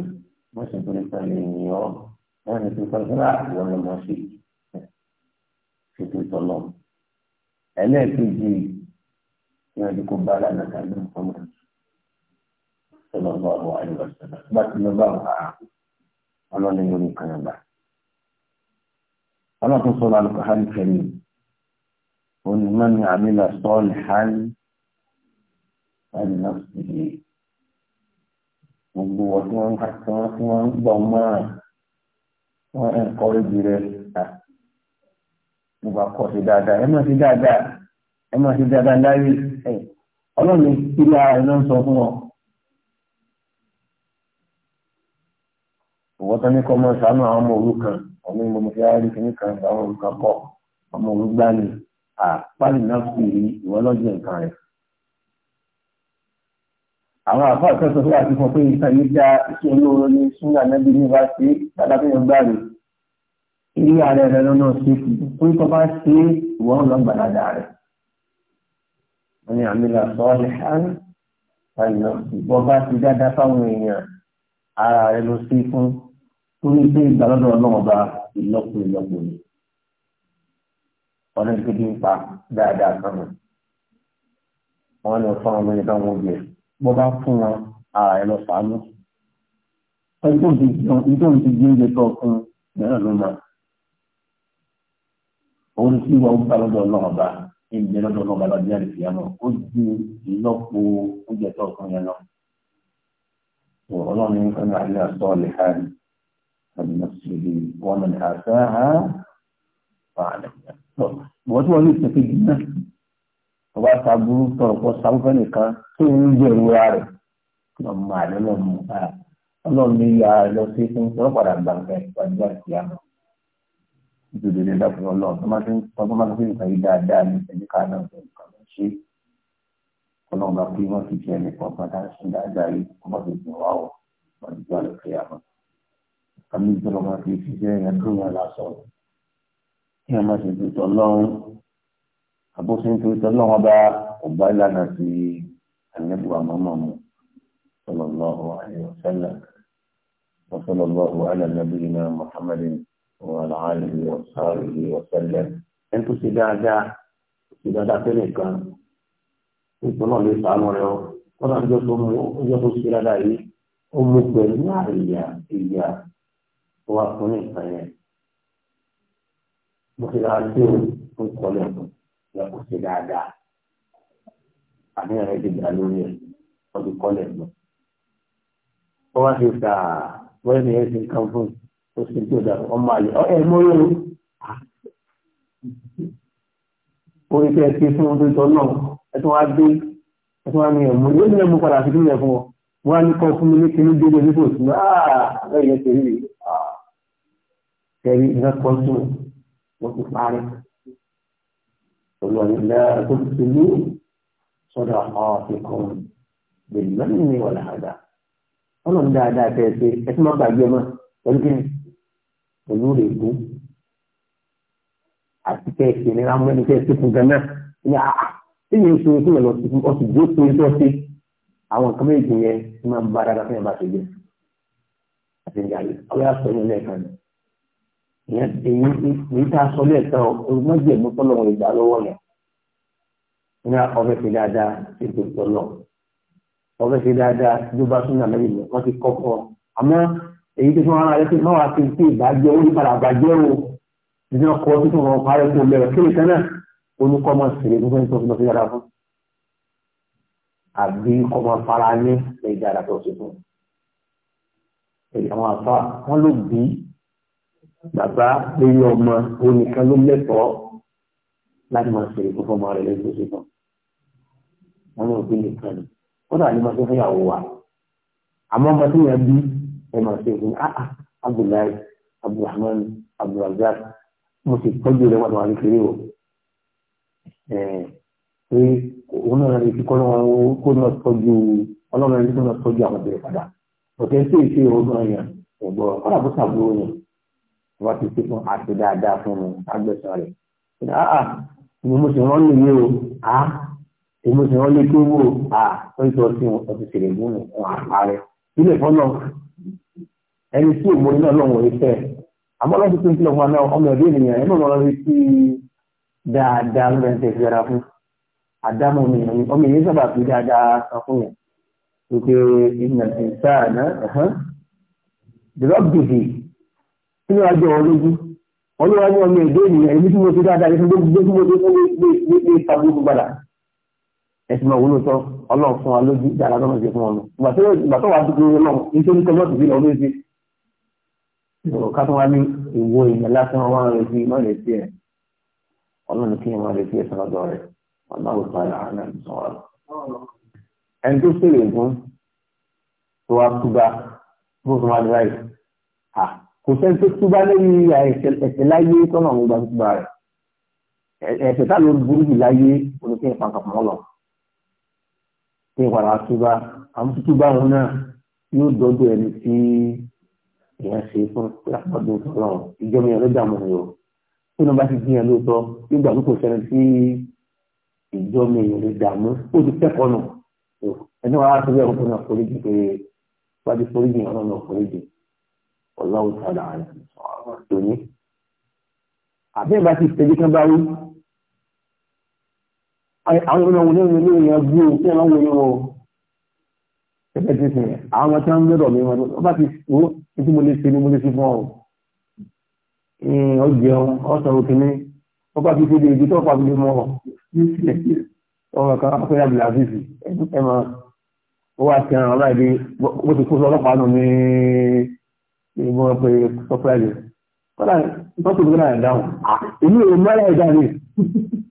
wọ́n sì tó ní pẹ̀lú ènìyàn wọ́n ní pípẹ́ fúnra ìwọ́n sí ètò ìtọ̀ lọ. ẹlẹ́ẹ̀kejì níwájú kó bá lànà tàbí ọmọ rẹ̀ sọlọ bá ọmọ àyùbá sọlọ bá ti lọ bá wà á ọlọ́ni lórí kànáàbà. ọlọ́tún sọ̀rọ̀ àlùkò hàn kẹ́mi onímọ̀ni àmìlà sọ́ọ̀lì hàn láti náà sì yé gbogbo ọtún wọn ká tí wọn tí wọn ń gbọ́ mọ́ra wọn ń kọ́rí jù rẹ̀ ta nípa kọ́ sí dáadáa ẹ má sí dáadáa ẹ má sí dáadáa láyé ẹ̀ ọlọ́run kiri ara ẹ̀ náà sọ fún ọ. òwò tán ní kọ́ mọ́ sànú àwọn ọmọ òru kan ọmọ ìmọ̀ mo fi ara rí kíní kan àwọn òru kan kọ́ ọmọ òru gbá ni àpáàlì náà fi ìwọ lọ́jọ́ nǹkan rẹ̀. àwọn àfáà kẹ́sọ̀ fún àti fún pé ìtàn yìí dá iṣẹ́ olóró ní súnà nẹ́bí ní bá ṣe dáadáa fún ìgbà rẹ̀. ilé ààrẹ rẹ̀ lọ́nà ṣe kí pé tó bá ṣe ìwọ ń rẹ̀ wọ́n ní àmìlà sọ́ọ̀lì hàn ẹ̀nà ìbọn bá ti dáadáa fáwọn èèyàn ara rẹ̀ ló sí fún torí pé ìgbàlódé ọlọ́run bá ìlọ́po ìlọ́po ni ọ̀nà ìgbégi ń pa dáadáa sọ́nà wọ́n ní fún ọmọ ìdán wọn jẹ bọ́ fún wọn ara rẹ̀ lọ sàánú ẹjọ́ ti jẹun ìjọ́ ti jẹ oúnjẹ tó fún mìíràn ló máa òun sí wọn gbàlódé ọlọ́run ìgbẹ́ lọ́dọ̀ náà bá lọ́dún yàrá ìfìyà náà ó ju ìlọ́po oúnjẹ tó kan yẹn lọ. ọlọ́run ní kan náà ilé àtọ́ lè ha ní ọdún síbi wọn ní àṣà ha wà ní ìgbà. bọ́ tí wọ́n ní ìṣẹ́ kejì náà ọba sábúrú tọ̀rọ̀ pọ̀ sábúfẹ́ nìkan tó ń jẹ́ ìrora rẹ̀ lọ́mọ àlọ́ lọ́mọ ọlọ́run ní ìyá lọ sí fún ọlọ́pàá àgbà nítorí ilé dákúrò ọlọ́run tó máa ti ń tọ́gbọ́n máa ti ń pàyí dáadáa ní ẹ̀jẹ̀ ká náà tó ń kà lọ sí ọlọ́run bá pé wọ́n ti jẹ́ ẹnì kan pátá sí dáadáa yìí kó má fi gbìn wá ọ̀ wọ́n ti gbọ́ lọ́kẹ́ àmọ́. àmì ìjọba máa fi ṣiṣẹ́ yẹn tó yẹn lásọ kí wọ́n máa ṣe tó tọ́ lọ́run àbóṣe tó tọ́ lọ́run bá ọ̀gbá ìlànà sí àlẹ́bùwà mọ́mọ́ mu sọlọ́lọ́hu àlẹ́ وصلى الله على وعلى آله وصحبه وسلم ẹni tó ṣe dáadáa ṣe dáadáa fẹ́ nìkan nítorí náà lè sàánú rẹ ọ wọn náà jọ tó mú ọjọ́ tó ṣe dáadáa yìí ó mú pẹ̀lú àìyá ìyá tó wà fún nìkan yẹn mo ṣe dáadáa tí ó ń kọ́ lẹ́kọ̀ọ́ yẹ ṣe dáadáa àníyàn rẹ ti gbà lórí ẹ ọdún kọ́ lẹ́kọ̀ọ́ wọ́n wá ṣe sàá wọ́n ẹ̀ ṣe nǹkan fún un ó sì tó dà ọmọ àlè ọ ẹ mọ yóò orí tẹ ẹ ti fún ọdún tó náà ẹ tún wá dé ẹ tún wá ní ẹmú yóò ní ẹmú padà fìdí yẹn fún ọ wọn á ní kọ fún mi ní kíní gbogbo ní kò sí náà lẹ́yìn ẹsẹ rí ah. rí tẹrí iná kọ sí wọn ti parí olùwàlú náà tó ti lú sọ́dọ̀ àwọn àfikún bẹ́ẹ̀ lọ́nà ìwọlà àdá ọlọ́run dáadáa tẹ ẹ ṣe ẹ tún má gbàgbé ọmọ pẹ̀lú kíni olóòrègún àti kẹ́ ẹ̀ ṣe ní rámú ẹni kẹ́ ẹ̀ ṣe fún ganan ní àá tí yẹn ṣe fún ìlọ sí ọtí bí ó ṣe ní sọ́ọ̀tì àwọn nǹkan méjì yẹn ti máa ń bá dára fún ìyàbá ṣe jẹ àti ìjàlè ọlọ́yà sọ ní lẹ́ẹ̀kan ìyẹn èyí tá a sọ lẹ́ẹ̀kan olùmọ́jẹ̀mú tọ́lọ́wọ́ ìgbà lọ́wọ́ yẹn ní ọbẹ̀ fi dáadáa ètò ìtọ́lọ́ ọbẹ̀ fi dáadáa ló bá súnà lẹ́yìn lọ wọ́n ti kọ́ fọ́ àmọ́ èyí tó fún ara rẹ pé máa fi sí ìdájọ́ orí padà bàjẹ́ o nínú ọkọ̀ tó fún ọmọ parẹ́ tó lẹ́rọ kí nìkan náà olùkọ́ máa ṣèlè tó fẹ́ tó fún ọmọ fún àbí kọ́ máa fara ní èyí dára tó ṣe fún èyí àwọn àfa wọn ló bí bàbá lórí ọmọ onìkan ló lẹ́tọ̀ọ́ láti máa ṣèlè tó fún ọmọ rẹ lẹ́yìn tó ṣe fún wọn ló bí nìkan ni wọn dà ní máa tó fún ìyàwó wa àmọ́ ọmọ tó yẹn bí ẹ máa ṣe ògùn áà ah, ah, abdullahi abdulrahman abdulrazak mo sì tọ́jú rẹ̀ wà lọ́wọ́ kékeré o pé òun náà lè fi kọ́ lọ́wọ́ kó náà tọ́jú ọlọ́run ẹni tó náà tọ́jú àwọn ọ̀bẹ̀rẹ̀ padà ọ̀tẹ̀ tó ìṣe ọgbọ́n yẹn ẹ̀gbọ́n kọ́lá bó ṣàbúrò yẹn wọ́n ti ṣe fún àti dáadáa fún un agbẹ̀sán rẹ̀ áà ah, ni mo sì rán lè yé o á èmi sì rán lé kéwò à ó ń sọ sí ọtí ṣèlè ẹni tí òmò iná lọ́wọ́ ìfẹ́ àmọ́ lọ́sí tó ń tilọ̀ wọn náà ọmọ ẹ̀dẹ́ ènìyàn ẹ̀nà ọ̀rọ̀ rẹ̀ sí dáadáa ń rẹ̀ tẹ̀sí ara fún àdámọ̀ mi ọmọ ìyẹn sábà fi dáadáa san fún yẹn wípé ìnà ìsáàná dìrọ́bìdì kí ló wájú ọ lójú wọn ló wájú ọmọ ẹ̀dẹ́ ènìyàn ẹni tí mo fi dáadáa yẹn fún gbogbo tí mo fi fún gbé tabu gbàdà ẹsìn máa wúlò tán ọlọ́run fún wa lójú dáadáa lọ́nà ìṣẹ́ fún ọ ìwọ ká tó wá ní ìwo ìyẹn lásán wá ń retí má lè tiẹ̀ ọlọ́run kí ni má lè tiẹ̀ sọ́dọ̀ rẹ̀ ọlọ́run padà àná ìsọ̀rọ̀ ẹni tó ṣèlè fún tó wá túbá bó tó wá dúráì kò sẹ́ni tó túbá lẹ́yìn ẹ̀ṣẹ̀ láyé tọ́nà àwọn ìgbà túbá rẹ̀ ẹ̀ṣẹ̀ tá ló burú jù láyé olùkẹ́ ìpàkàpọ̀ lọ. Kí n padà túbá, àwọn túbá òun náà èèyàn ṣe fún lápọ̀dún ọlọ́run ìjọba èèyàn ló dààmú ni o tí wọ́n bá ti gbìyàn lóòótọ́ nígbà tó kò ṣẹlẹ̀ sí ìjọba èèyàn ló dààmú ó ti kẹ́kọ̀ọ́ nù ẹni wàá tó bẹ́ẹ̀ fún àforíjì pé wájú foríjì ọlọ́run àforíjì ọlọ́run tààdà rẹ̀ tòní. àbẹ́ẹ̀ bá ti tẹ̀lé kán bá rí àwọn ọmọ wọn ní ìlú ìyẹn gbú ẹgbẹ́ tí sìn àwọn ọmọ tí wọ́n ń lọ́dọ̀ mi wọn ó bá ti wó títí mo lè ṣe ni mo lè ṣe fún ọ ọ jẹun ọ sọ̀rọ̀ kìíní ó bá ti ṣe lè ibi tó pa mi mọ́ ọmọ kan afẹ́ yàgùlà fífi ẹ máa ó wá sí ẹran ọlá ìdí bó ti kó sọ ọlọ́pàá nù ní ìmọ̀ pé sọ́pẹ́lì kọ́lá tọ́tù tó náà dáhùn èmi ò mọ́lá ẹ̀dá mi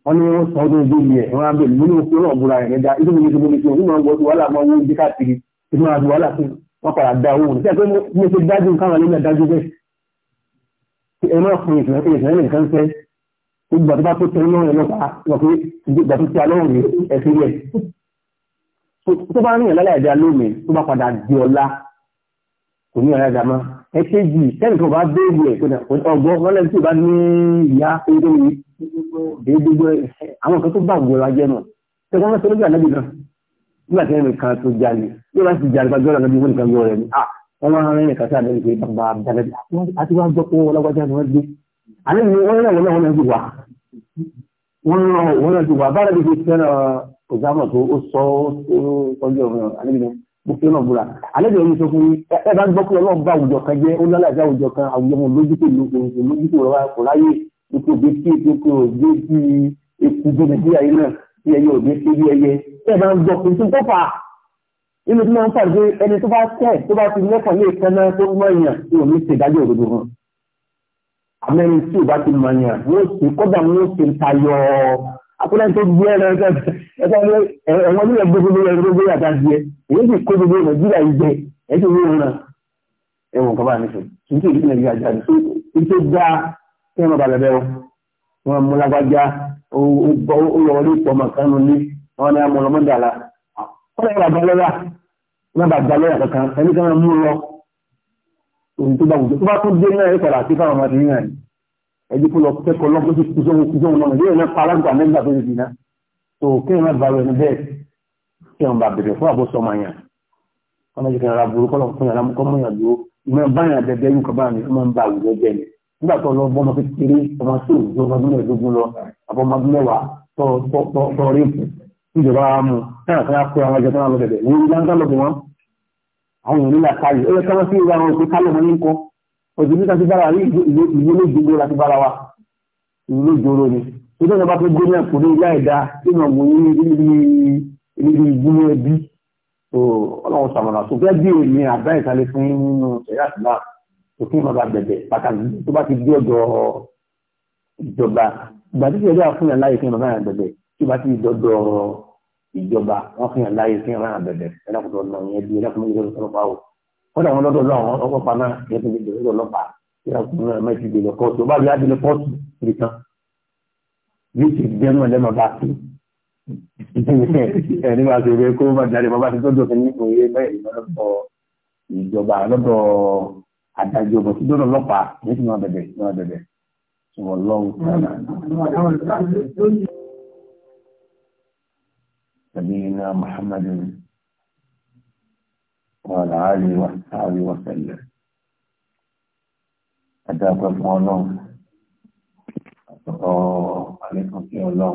wọ́n ní wọ́n sọ ọdún ojú mi ẹ̀ wọ́n á bẹ̀rẹ̀ nínú òkú náà búra ẹ̀dá ìdí mi ní ti mo ní ti òun náà gbọ́dọ̀ wàhálà máa wọ́n jí káàkiri ìdúró àti wàhálà fún wọn padà da owó ní sẹ́yìn pé mo ṣe dájú nǹkan wà lẹ́yìn àdájú bẹ́ẹ̀ tí ẹ náà fún ìtìlẹ́ ìtìlẹ́ ìtìlẹ́ nǹkan fẹ́ gbogbo àti bá tó tẹ náà lọ́pàá lọ pé ìgbà tó ti alọ́run rè é fi rẹ̀ tó bá rìn lálẹ́ àjà lómi tó bá padà di ọ̀la kò ní ọ̀la àjàmá ẹ kéjì sẹ́yìn kan bá béèrè ẹ̀ ọgbọ́n wọn lẹ́yìn tí ò bá ní ìyá ẹgbẹ́ mi déédéé àwọn kan tó bá gbọ́ ọ nígbàtí ẹni kan tó jalè bí wọ́n ti jalè gbàgbọ́ ọ̀nà bí wọ́n nìkan yọ rẹ̀ ni wọ́n máa ń rìn nìkan sí àdéhùn pé bàbá jalè àti wọ́n gbọ́ pé ọlọ́gbàjá ni wọ́n gbé àní ni wọ́n rẹ̀ wọ́n náà ti wà wọ́n náà ti wà bára bí fi fẹ́ràn ọ̀gáàmà tó ó sọ ó tọ́jú ọ̀rọ̀ àlébìnrin mo fi náà búra àlébìnrin mi sọ fún mi ẹ bá ń gbọ́ pé ọlọ́run bá àwùjọ kan jẹ́ ó lálẹ́ àti àwùjọ kan àwùjọ mọ̀ lójútó lójútó rẹ̀ kò láyé ètò gbèsè ètò gbèsè èkú gbèsè àyè náà tí ẹyẹ ò ní ṣe bí ẹyẹ tẹ́ bá ń gbọ́ kò sí tó fà á nínú tí wọ́n ń pàdé ẹni tó bá tẹ̀ tó bá ti lẹ́kàn lé ìkànnà tó mọ̀ èèyàn tí ò ní ṣe ìdájọ́ òdodo hàn àmẹ́rin tí ò bá ti mọ̀ èèyàn wọ́n ṣe kọ́dà wọ́n ṣe ń tayọ akúlẹ̀ tó gbé ẹ̀rọ ẹ̀wọ̀n nílẹ̀ gbogbo ẹ̀rọ gbogbo yàtá jẹ èyí sì kó gbogbo nàìjíríà yìí jẹ ẹ̀ sì wọ́n ràn ẹ̀wọ̀n kọ́ bá ní sọ kí n kí n nàìjíríà jáde tó tó dáa kí wọ́n bá bẹ̀rẹ̀ wọn mú lágbájá ó lọ rí ìpọmọ kánú ní wọn ni amọ̀lọ́mọ́dàlá wọ́n lè bàbá lọ́yà wọ́n bàbá lọ́yà kankan ẹni kan mú lọ òun tó bá wùdó tó bá tún dé náà ẹ̀ padà sí fáwọn ọmọdé yìí náà ni ẹbí kó lọ kẹ́kọ̀ọ́ lọ́gbọ́n tó kú sóhun kú sóhun náà lóyún náà pa aláǹgbà nígbà tó ti dìná tó kéèyàn náà bá lọ ẹni bẹ́ẹ̀ kéèyàn bá bẹ̀rẹ̀ fún àbọ̀sọ ọmọ yàn wọ́n lè jẹ́ kí n ra burúkọ́ lọ́kùnrin àlámúkọ́ mọ́yàn dúró ìmọ̀ báyàn bẹ̀bẹ̀ yìí kọ́ bá mi ó máa nígbà tó lọ bọ́mọ kékeré ọmọ tó ìjọ ọmọdún mẹ́ẹ̀ẹ́dógún lọ àbọ̀mọdún mẹ́wàá tọ́ rẹ́pù ìjọba mú náà fẹ́ kó àwọn ẹjọ́ náà lọ bẹ̀bẹ̀ ní ìdáńgá lọ́bẹ̀ wọn àwọn èèyàn nílà káyè ó yẹ ká wọ́n sí ìwà àwọn òkè kálọ̀ wọn ní kọ́ òjò níta ti bára rí ìwé ló gbogbo láti bára wa ìwé ló jòrò ni ìjọba ìjọba tó gbé náà kò ní ilá ẹ̀dá nínú ọ̀gbìn níbi ìgbìmọ̀ ẹbí ọlọ́run sàmọ̀nà tó fẹ́ bí èmi àbá ìsàlẹ̀ fún nínú ẹ̀yà ìsìlámù òfin ìmọ̀ bá bẹ̀bẹ̀ pàtàkì tó bá ti dé ọ̀dọ̀ ìjọba ìgbà tí ìjọba fún yàn láyè fún yàn báyà bẹ̀bẹ̀ tó bá ti dọ̀dọ̀ ìjọba wọn fún yàn láyè fún yàn báyà bẹ̀bẹ̀ ẹlẹ́kùnrin ọ̀nà yẹn bí ẹlẹ́kùnrin ìjọba tó lọ́pàá o kódà wọn lọ́dọ̀ lọ́wọ́ ọlọ́pàá náà yẹn ti dé ọlọ́pàá ẹlẹ́kùnrin náà mẹ́tì dé lọ kóòtù ó bá rí adé lọ kóòtù rí tán yóò ti dẹnu ẹlẹ́mọ̀ bá tó ẹni máa ṣe ìwé kó má jáde bàbá ti tọ́jú òfin nípò ìjọba lọ́dọ̀ adájọ́ bọ̀ tí dọ́dọ̀ ọlọ́pàá ní ti dodo lọ́pàá bẹ̀bẹ̀ máa bẹ̀bẹ̀ ṣùgbọ́n lọ́wọ́ tààlà. وعلى آله وصحبه وسلم أداكم الله عليكم في الله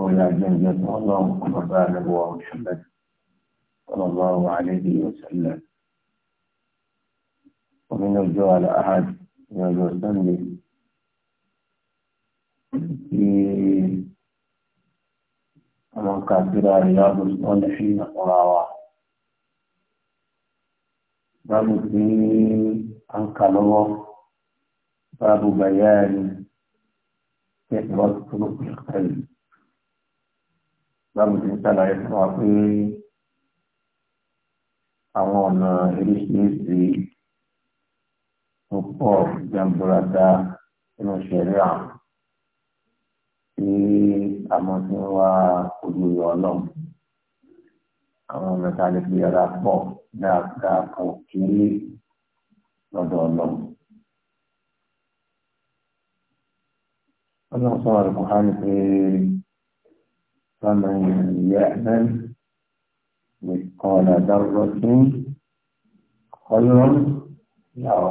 ولا جنة الله وبارك محمد صلى الله عليه وسلم omi ní ọjọ́ alahad ní ọjọ́ sunday tí àwọn kàfíra ìyáàbò sọ́ọ̀lẹ̀ fi nàkúra wa báàbù tí a ń kà lọ́wọ́ báàbù bayani kẹsìmọ́ tó ló fi kẹ́lì báàbù tí ń sàlàyé fún wa pé àwọn ọ̀nà oríṣiríṣi tó pọ̀ jàǹbùràdà nínú ṣẹ̀ríà tí àmọ́ tí ń wá ojú ìyọ̀ ọlọ́run àwọn mẹ́ta lè fi ara pọ̀ dáadáa kò kéré lọ́dọ̀ ọlọ́run. ọlọ́run sọ̀rọ̀ Al-Qur'an pé فمن يأمن مثقال ذرة خيرا يره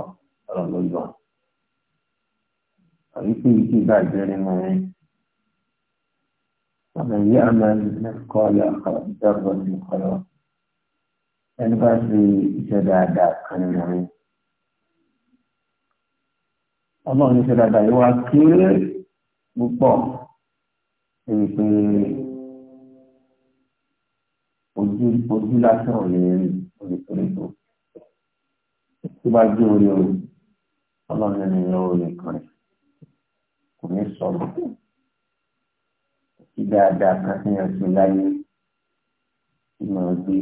ọ̀rọ̀ ló yọ. àbí kí ibi bá jẹ́ nínú rẹ̀. ọ̀nà yìí àmà nẹ́kọ́ ọ̀lẹ́ ọ̀dọ́gbọ̀n ní ọ̀rọ̀. ẹni bá ṣe iṣẹ́ dáadáa kan nínú rẹ̀. ọlọ́run iṣẹ́ dáadáa yìí wá kéré púpọ̀ èyí pé ojú lásán ò lè rí olùkórè tó. tó bá jẹ́ orí orí ọlọ́run ní ìyàwó nìkan rẹ̀ kò ní sọ̀rọ̀ kí dáadáa kan sí yàn sí láyé tí mà á gbé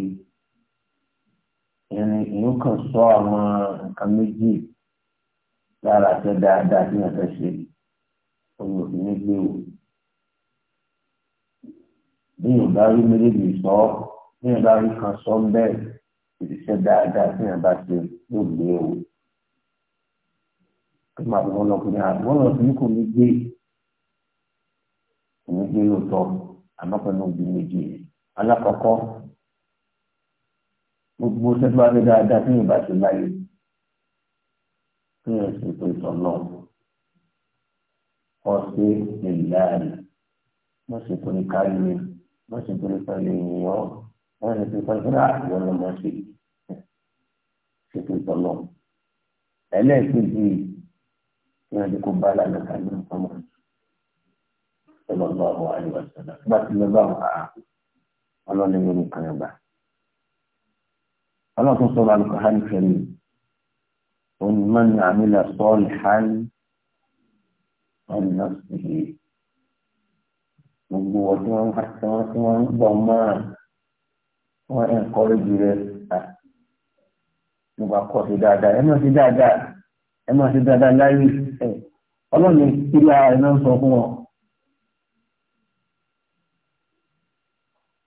ìrìn ìlú kan sọ àwọn nǹkan méjì lára tó dáadáa tí yàn fẹ́ ṣe òun ò ní gbé wò bí yàn bá rí méjèèjì sọ bí yàn bá rí kan sọ bẹ́ẹ̀ ìṣiṣẹ́ dáadáa tí yàn bá ṣe yóò gbé wò nígbà tí wọ́n lọ pé ní àwọn ọ̀rọ̀ tí kò ní gbé kò ní gbé lóòótọ́ àmọ́ pẹ̀lú òbí méjì alákọ̀ọ́kọ́ gbogbo sẹ́gbà ní dáadáa fún ìgbà tó láyé fún ẹ̀sìn tó ìtọ̀ náà ọ̀sẹ̀ lè láàrin tó ní kárí mi tó ní pẹ̀lú ènìyàn wọ́n sì tó pẹ̀lú fúnra àwọn ọmọ ṣètò ìtọ̀ ẹlẹ́ẹ̀kejì yìí ìrìnàjò kò bá lànà kàní nǹkan mọ́ sallallahu alaihi wasallam bá ti lọ bá wọn àá ọlọ́ni ló ní kan ẹgbà ọlọ́tún sọ̀rọ̀ àlùkò hàn kẹrin òun ni mọ́ni àmìlà sọ́ọ̀lì hàn ọ̀nà sí gbogbo ọdún wọn bá tí wọn tí wọn ń bọ̀ mọ́ wọn ẹ̀ńkọ́rẹ́jì rẹ̀ nípa kọ́ sí dáadáa ẹ má sí dáadáa ẹ má sí dáadáa láyé ọlọ́ni kiri ara rẹ̀ náà sọ fún wọn.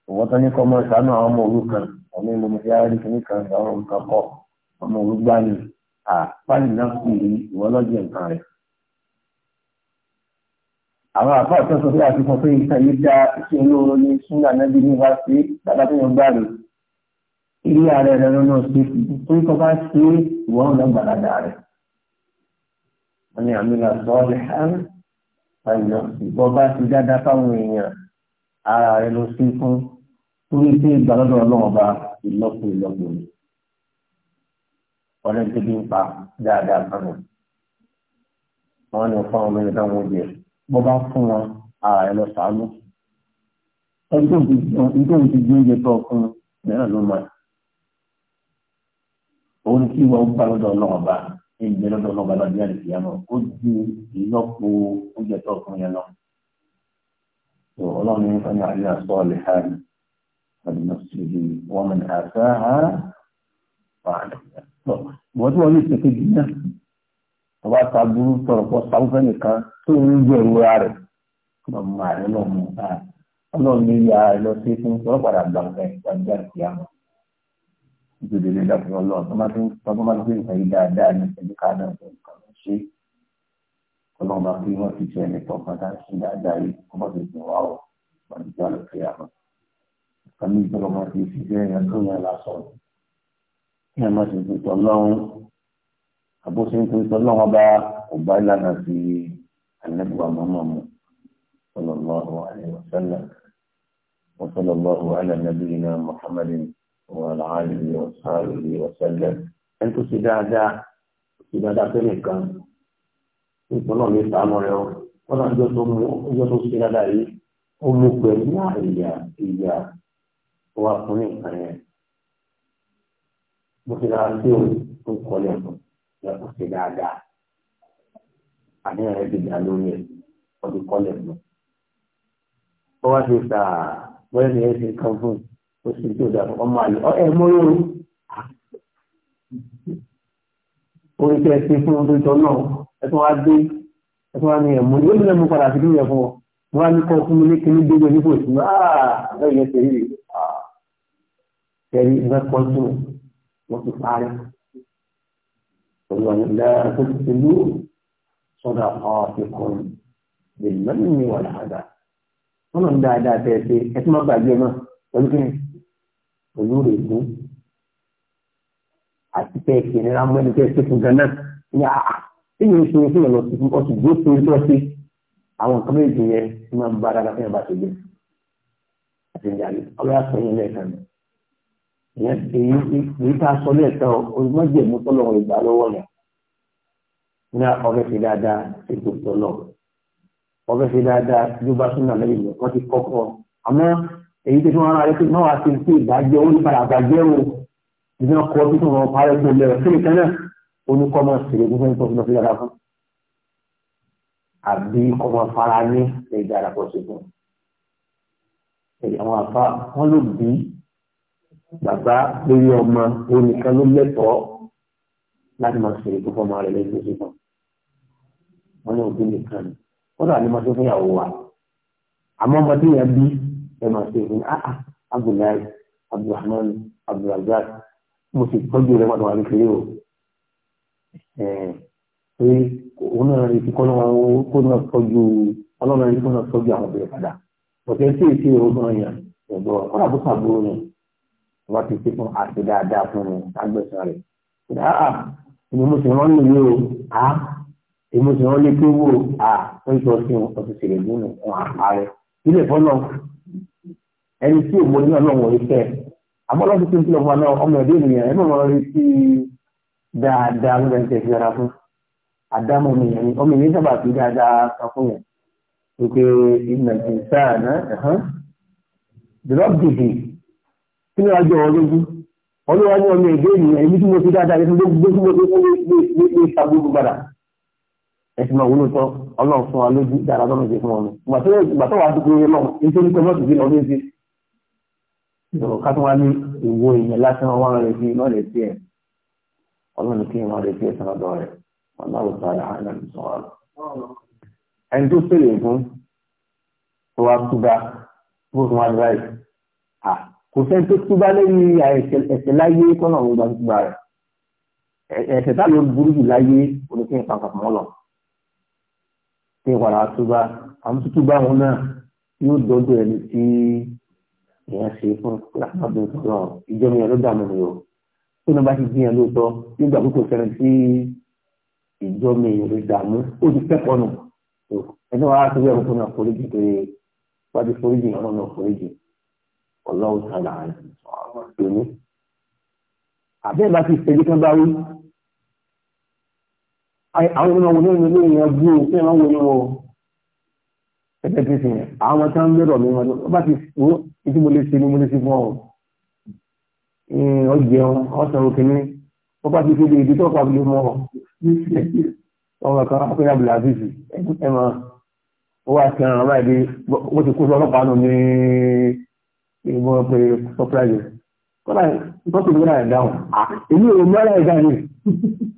Ìwọ́n tó ní kọ́ mọ́ ìsánú àwọn ọmọ òrukàn, ọmọ ìlú Mùsùlùmí rí kìíní kan sí àwọn òrukàn kọ́, ọmọ òrùgbá ni, à pálí náà kù rí ìwọ́n lọ́jọ́ nǹkan rẹ̀. Àwọn àpá ọ̀tọ́ sọ pé àti sọ pé ìtàn yìí dá iṣẹ́ olóró ní Súnà Nẹ́bí ní bá ṣe dáadáa tó yàn gbà rè. Ilé ààrẹ rẹ̀ lọ́nà ṣe ṣe ìwọ́n wọ́n ní àmì làtọ́ọ̀lì hàn àyọ̀ ìbọn bá ti dáadáa fáwọn èèyàn ara rẹ̀ ló sí fún torí pé ìgbàlódé ọlọ́run bá ìlọ́pù ìlọ́pù ni wọ́n ní débi ń pa dáadáa fáwọn wọ́n ní fún àwọn ènìyàn táwọn jẹ bọ́ bá fún wọn ara rẹ̀ lọ sàánú ẹgbẹ́ òun ti gbé oúnjẹ tó fún mìíràn ló mọ̀ òun kí wọ́n bá lọ́dọ̀ ní ìgbẹ́lódọ́ náà bá lọ́dún yàrá ìyá náà ó ju ìlọ́po oúnjẹ tó fún yẹn lọ. ọlọ́run ní fún mi àríyá sọ ọ́ lè ha ní ọdún ṣèlú wọn mi àṣà á wà á lọ. bọ́ tí wọ́n ní ìṣèké jù náà wọ́n bá ta burú sọ̀rọ̀ pọ̀ sáfẹ́ nìkan tó ń gbèrú rẹ̀ lọ́mọ àrẹ lọ́mọ ọlọ́run ní ìyá rẹ̀ lọ sí fún ọlọ́pàá àgbà ọ̀gá ìgbàgbà náà nítorí ilé ìdàpọ̀ ọlọ́run tó bá ti ń tọ́gbọ́n bá ti pín nǹkan yìí dáadáa ní ẹ̀jẹ̀ ká náà tó nǹkan lọ sí ọlọ́run bá pín wọ́n ti ṣe ẹni kọ̀ọ̀kan tá sí dáadáa yìí kó bá ti sìn wá o wọ́n ti já lọ sí àmọ́. kàmí ìjọba máa ti ṣiṣẹ́ yẹn tó yẹn lásán kí ẹ ṣe ti tọ́ lọ́run àbóṣe ń tọ́ lọ́run bá ọba ìlànà sí ànábùwà mọ́mọ́ mu sallallahu alaihi wa وعلى آله وصحبه وسلم ẹni tó ṣe dáadáa ṣe dáadáa pé nìkan nípa náà ní sàánú rẹ o wọn náà jọ tó mú ọjọ́ tó ṣe dáadáa yìí ó mú pẹ̀lú ìyà ìyà wa fún nìkan yẹn mo ṣe dáadáa sí òun ó wá ṣe sàá wẹ́ẹ̀ni ẹ ṣe kàn fún un ó sì tó dà ọmọ àlè ẹ mọ́rọ́ o orí tẹ́ ṣe fún ọdún ìtọ́ náà ẹ̀tún wá dé ẹ̀tún wá ní ẹ̀mú ní olùdó mú padà fìdí yẹn fún ọ wọ́n á ní kọ́ fún mi ní kíní gbogbo ní kò sí náà ah, ẹ̀yẹ ṣe rí ah. ẹ̀rí ìgbà kan tó wọ́n ti parí ọ̀gbọ̀n ìlà tó ti ti lú sọ́dà ọ̀ọ́fẹ́ kan lè lọ́nà ní wàhálà wọn náà ń dáadáa tẹ́ ṣe ẹ̀tún má gbàgbé náà pẹ̀lú kíni olóore fún àti pé ẹ̀kẹ́ ní rámọ́ ẹni pé ẹ̀kẹ́ fún ganan ní àà ẹ̀yìn oṣù oṣù lọ sí oṣù tó ṣe tó ṣe àwọn nǹkan méjì yẹn tí máa ń bá dára fún ẹ̀ bá ṣe gbé àti ìjàlè ọlọ́yà sọ yẹn lẹ́ẹ̀kan mi ìyẹn èyí èyí tá a sọ lẹ́ẹ̀kan olùmọ̀jẹ̀mú tọ́lọ́run ìgbà lọ́wọ́ yẹn ní ọbẹ̀ fi dáadáa ètò ìtọ́lọ́ ọbẹ̀ fi dáadáa bí ó bá súnmọ́ àlẹ́ ìlú wọ́n èyí tó tún ara rẹ pé máa wá sí pé ìdájọ́ ó ní padà àgbàjẹ́ o ìdí náà kọ́ tó tún wọn parẹ́ tó lẹ́rọ sí nìkan náà ó ní kọ́mọ sílẹ̀ tó fẹ́ẹ́ tó fi lọ sí dáadáa fún àbí kọ́mọ fara ní èyí dáadáa pọ̀ sí fún èyí àwọn àfa wọn ló bí bàbá lórí ọmọ onìkan ló lẹ́tọ̀ọ́ láti máa ṣe ètò fọmọ rẹ lẹ́yìn lóṣù kan wọn ní òbí nìkan ni wọn dà ní máa tó fẹ́yàwó wa àmọ́ ọmọdé yẹn bí ẹ máa ṣe ìpín ah ah abdullahi abdulrahman abdulrazak mo sì tọ́jú rẹ padà wà ní kiri o pé òun náà retí kọ́ náà kó náà tọ́jú ọlọ́run retí kọ́ náà tọ́jú àwọn ọ̀bẹ̀rẹ̀ padà ọ̀tẹ́ tí èsì ọgbọ́n yẹn ẹ̀dọ́ ọ̀rọ̀ àbúkọ àbúrò ni wọ́n ti ṣe fún àti dáadáa fún mi lágbẹ̀sán rẹ̀ ah ah èmi mo sì rán nìyí o ah èmi mo sì rán lé kéwò ah wọ́n ti sọ sí ọtún ẹni tí òun ní ọlọ́run ìfẹ́ àmọ́ lọ́sí tí ń tilọ̀ fún ọmọ ẹ̀dẹ́ ènìyàn ẹ̀ náà rí sí dáadáa ló bẹ̀rẹ̀ tẹ̀sí ara fún àdámọ̀ mi yẹn ọmọ ìyẹn sábà fi dáadáa sọ fún yẹn wípé ìnà ìsáà náà dìrọ́bìdì kí ni wàá jọ ọlọ́gbọ́n olúwa ní ọmọ èdè ènìyàn èmi tí mo fi dáadáa ní gbogbo tí mo fi fún ní ní ìṣàgbọ́gbọ́ padà ẹ̀sìn máa wúlò tán ọlọ́run fún wa lójú dára lọ́nà ìṣe fún ọmọ ìgbà tó wàá dúpọ̀ lọ́wọ́ nítorí pé mọ́tò sí lọ́dún sí ìrọ̀ ká tó wá ní ìwo èèyàn lásán wá ń retí náà lè fi ẹ̀ ọlọ́run kí wọ́n lè fi ẹ̀ sọ́dọ̀ rẹ̀ wọn náà wò sọ́ra àná lè sọ ọ́ ẹni tó pèlè fún tó wá túbá bó tó wá dúrà yìí à kò sẹ́ni tó túbá lórí ẹ̀ṣẹ̀ láyé kọ́nà òun gbà túbá rẹ̀ ẹ̀ṣẹ̀ tá ló burú jù láyé oníkẹ́yìn pàpàpà mọ́ lọ kí wàrà túbá àwọn túbá wọn náà yóò dọ́dọ̀ ẹni tí ìyẹn ṣe fún lápapọ̀ ìṣòro ìjọba yẹn ló dààmú ni o tó ní bá ti gbìyànjú lóòótọ́ nígbà púpọ̀ fẹ́rẹ̀ sí ìjọba yẹn ló dààmú ó ti kẹ́kọ̀ọ́ nù ẹni wàá tó bẹ́ẹ̀ fún náà foríjì pé wọ́n ti foríjì ọ̀nà náà foríjì ọlọ́run sàlà lónìí. àbẹ́ẹ̀ bá ti ṣe bí kán bá rí àwọn ọmọ wọn ní ìlú ìyẹn bú ó fẹ́ràn wọn ni wọn ẹgbẹ́ tí sìn àwọn tí wọ́n lérò mi wọn ló bá ti wó títí mo lè ṣe ni mo lè ṣe fún ọ ọ jẹun ọ sọ̀rọ̀ kìíní ó bá ti fi lè di tọ́pọ̀ abúlé mọ́ ọ ọmọ kan akọ́yà abúlé àbíjì ẹ mọ ó wá sí ọ̀ràn báyìí mo ti kó sọ ọlọ́pàá nù ní ìbọn pé surprise kọ́lá ìtọ́sí ìgbéra ẹ̀dá wọn èmi ò mẹ́rẹ̀ ẹ̀dá ni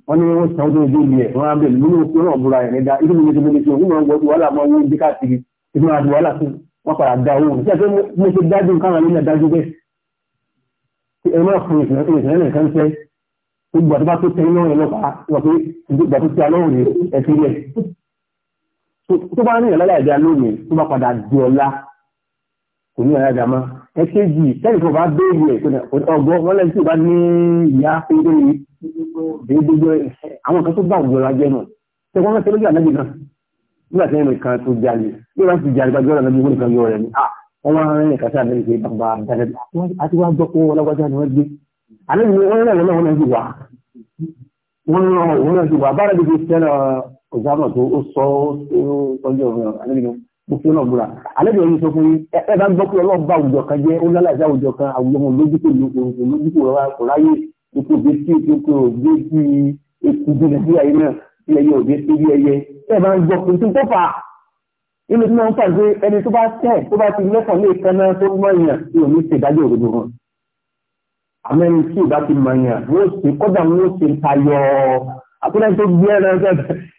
wọ́n ní wọ́n sọ ọdún ojú ilé ẹ̀ wọ́n á bẹ̀rẹ̀ lórí òkú náà búra ẹ̀dá ìdílé mi ti mo lè ṣe òun náà wọ́n wọ́n làwọn owó ń dí káàkiri ìgbìmọ̀ àti wàhálà fún wọn padà da owó nígbà tí mo ṣe dájú káwọn ilé dájú bẹ́ẹ̀ tí ẹ máa fún ìṣẹ̀lẹ̀ ìṣẹ̀lẹ̀ nìkan fẹ́ gbogbo àti bá tó tẹ iná ẹ̀ lọ́pàá wọ́n pé ìgbà tó tẹ alọ́wọ̀ ní ẹ̀sí rẹ̀ tó bá ní ìyànlá ìdá lónìí tó bá padà di ọ̀la kò ní ìyànlá ìdá mọ́ ẹ kéjì sẹ́yìn tó bá béèrè ọgbọ́n wọn lẹ́yìn tó bá ní ìyá pé gbogbo àwọn kan tó bá òjò ọ̀la jẹ́ náà tẹ́wọ́n fẹ́ lójú ànágbè náà nígbà tí ẹnì kan tó jalè yóò láti jalè gbàgbé ọ̀rọ̀ lẹ́bí wọ́n kan yọ rẹ̀ ni wọ́n wá rẹ̀ ní kàtà lẹ́yìn pé bàbá dalẹ̀ àti wá gbọ́ pé wọ́n lágbájá ni wọ́n gbé àlẹ́ ni wọ́n rẹ̀ lọ́wọ́ náà sì wà wọ́n rán òun náà sì wà bára bí fi tẹ́lẹ̀ ọ̀gáàmọ̀ tó ó sọ tọ́jú ọ̀rọ̀ àlẹ́ ni mo fi náà búra àlẹ́ ni wọ́n sọ fún ẹ bá gbọ́ pé ọlọ́run bá àwùjọ kan jẹ́ ó lálàjá àwùjọ kan àwùjọ wọn lójúkò lójúkò kò ráyè ètò ìgbésí ètò ìgbésí ètò ìgbésí ayé náà ilẹ̀ yóò dé sí ilé ẹyẹ tẹ́ bá ń gbọ́ kò sí tó fà á nínú tí wọ́n ń fà pé ẹni tó bá tẹ̀ tó bá ti lẹ́kọ̀ọ́ lè kan náà tó mọ̀ yàn tí ò ní ṣe ìdájọ́ òdodo hàn àmọ́ ẹni tí ò bá ti mọ̀ yàn wọ́n ṣe kọ́dà wọ́n ṣe tayọ akúrẹ́ tó gbé ẹ̀rọ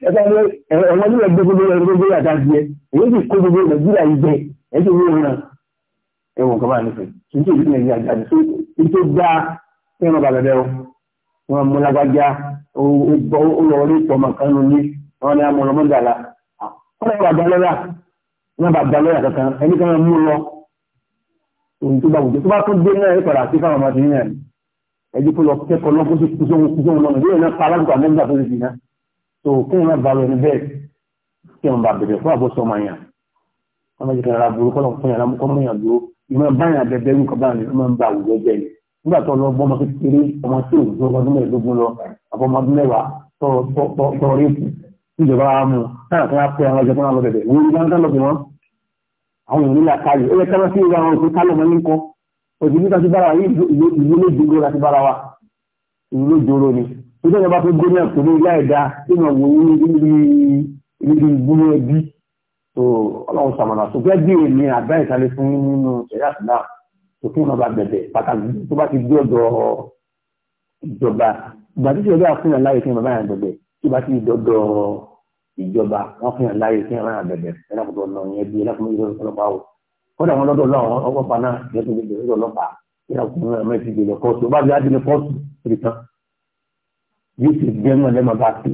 ẹ̀wọ̀n nílẹ̀ gbogbo ẹ̀rọ gbogbo àti adìẹ èyí sì kó gbogbo nàìjíríà yìí jẹ ẹ̀ tó wúwo náà ẹ̀wọ̀n kan nífẹ̀ẹ́ kì í wọn ni amọ̀ràn mọ́dàlá ah, wọn náà bàbá lọ́yà wọn bàbá lọ́yà kankan ẹni kan mú lọ òun tó bá wùdó tó bá tún gbé náà ìpàdà sí fáwọn ọmọdé yìí náà ẹjú kó lọ kẹ́kọ̀ọ́ lọ kó sì kú sóhun kú sóhun lọ́nà lóyún náà pa alágbèkọ àmẹ́gbà tó ti dìná tó kí wọn bá lọ ní bẹ́ẹ̀ kí wọn bá bẹ̀rẹ̀ fún àbọ̀sọ ọmọ yàn wọn bá jẹ kára burú kọ́ lọ́kùnrin yàrá kọ́ mọ́ yàn dúró ìmọ̀ báyà bẹ̀bẹ̀ ń kọ́ báyà ní ọmọ ń ba àwùjọ bẹ́ẹ̀ ni nígbà tó lọ ìjọba mú náà kan pẹ́ àwọn ọjọ́gbọ́n lọ bẹ̀bẹ̀ wọ́n ìgbà ńlá lọ́gbọ̀n wọn àwọn èèyàn nílà káyì ó yẹ káwọn sí ìwà àwọn òkú kálọ̀ mọ́ ní kọ́ òjì níta ti bára yìí ìlú ló jòrò láti bára wa ìlú ló jòrò ni ó jẹ́ ìjọba tó gbé ní ẹ̀kọ́ ní ilé ẹ̀dá tí mo wò ó níbi níbi ìgbóná ẹbí tó ọlọ́run sàmọ̀nà tó fẹ́ bí èmi àbá ìsàlẹ̀ fún nínú ẹ̀yà sílá tó fún ọba bẹ̀bẹ̀ pàtàkì tó bá ti gbé ọ̀dọ̀ ìjọba tí bá ti dọ́dọ̀ ìjọba wọn fi hàn láàyè kí wọn rán àbẹ̀bẹ̀ ẹlẹ́kùnrin ọ̀nà yẹn bí ẹlẹ́kùnrin ọ̀nà ọlọ́pàá o kọ́dà wọn lọ́dọ̀ lọ́wọ́ ọlọ́pàá náà yẹn tó gbèdé lọ́dọ̀ ọlọ́pàá ẹlẹ́kùnrin ọ̀nà mẹ́fì gbèdé kóòtù ọba bí adìrẹ kóòtù rí tán yóò ti gbé mọ̀ lẹ́mọ̀ bá ti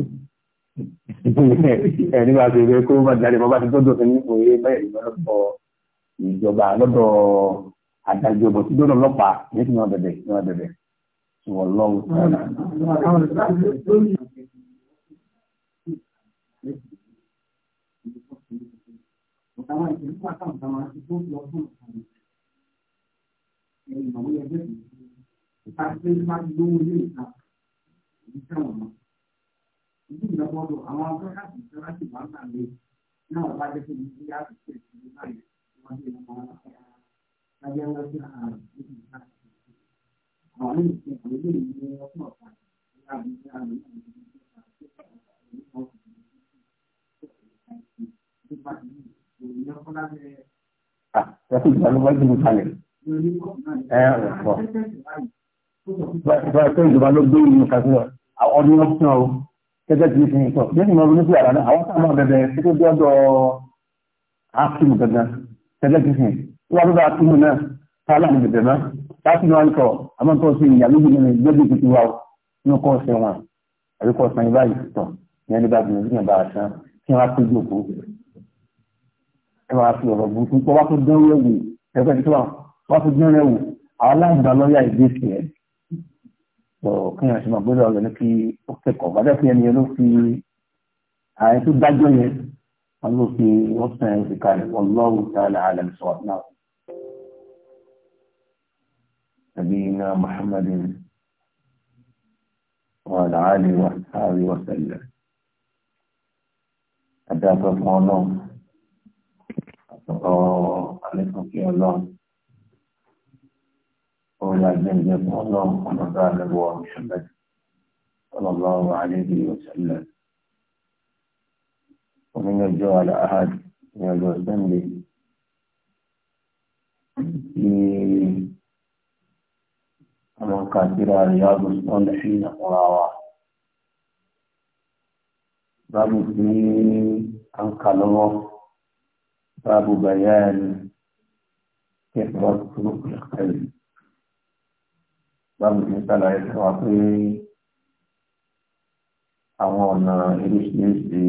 ẹni bá ti rẹ kó bá jáde bá ti dọ́dọ̀ sí ní òye bẹ́ẹ̀ lọ́dọ̀ ìjọba lọ́dọ̀ adájọ́ bọ̀ tí dọ́dọ̀ ọlọ́pàá yẹn ti máa bẹ̀bẹ̀ máa 我台湾以前挂上台湾是中国共产党，哎，农业问题，他最他妈的用日啊，你看我们，一定的帮助，俺们刚开始在那去玩战的，那我爸就是一家子去去那里，我去他妈的，那边我去啊，一起看，好，那你我们这里面要做啥？要要要要要要要要要要要要要 ah ìgbàlúwájú mú kalẹ̀. Ẹ ọ̀pọ̀. Bọ́ọ̀ tó ìjọba ló gbé ìlú kàkúrọ̀, ọdún wọn fún ọ gẹ́gẹ́ bí ìfihàn ìtọ̀. Bí ìmọ̀ ọdún sí àrànà, àwọn sáà máa bẹ̀bẹ̀ sí tó bí ọdọ̀ áfíìmù gangan, gẹ́gẹ́ bí ìfihàn. Wọ́n bá áfíìmù náà, tààlà ní bẹ̀bẹ̀ mọ́. Láti ní wọn kọ̀, àmọ́ tó ṣe ìyàlú yìí nínú ìgbẹ́bí tuntun wa ní kọ́ ṣe wọn. Àbíkọ́ san ibà yìí tọ̀, ìyẹn ní bá gbìyànjú ẹ máa fi ọ̀rọ̀ burúkú pọ̀ wá tó dán rẹ̀ wò ẹgbẹ́ tó wá tó dán rẹ̀ wò àwọn aláǹgbà lọ́yà ìgbésí ẹ̀ lọ kí wọn ṣe máa gbé lọ́rọ̀ ní kí ó kẹ́kọ̀ọ́ bàdá fi ẹni ló fi ààrẹ tó dájọ́ yẹn wọn ló fi wọ́n sàn ẹ̀ fi kalẹ̀ wọn lọ́wọ́ ta'ala alam sọ náà. نبينا محمد وعلى آله وصحبه وسلم أداة الله àtọ̀rọ̀ àlékún kí ọlọ́run orí àjẹjẹ fún ọlọ́run ọlọ́dọ̀ àlẹ́wọ̀ ṣẹlẹ̀ ọlọ́lọ́run àlejò yóò ṣẹlẹ̀ oníyànjọ́ aláhàd ní ọjọ́ sunday tí ọmọ kàkiri àríyáàbò sọ́ọ̀lẹ̀ sí ìnàkúnra wa báwo tí a lọ́wọ́. باب بيان كثرة سلوك الخير باب مثال الخاطئ àwọn ọ̀nà oríṣiríṣi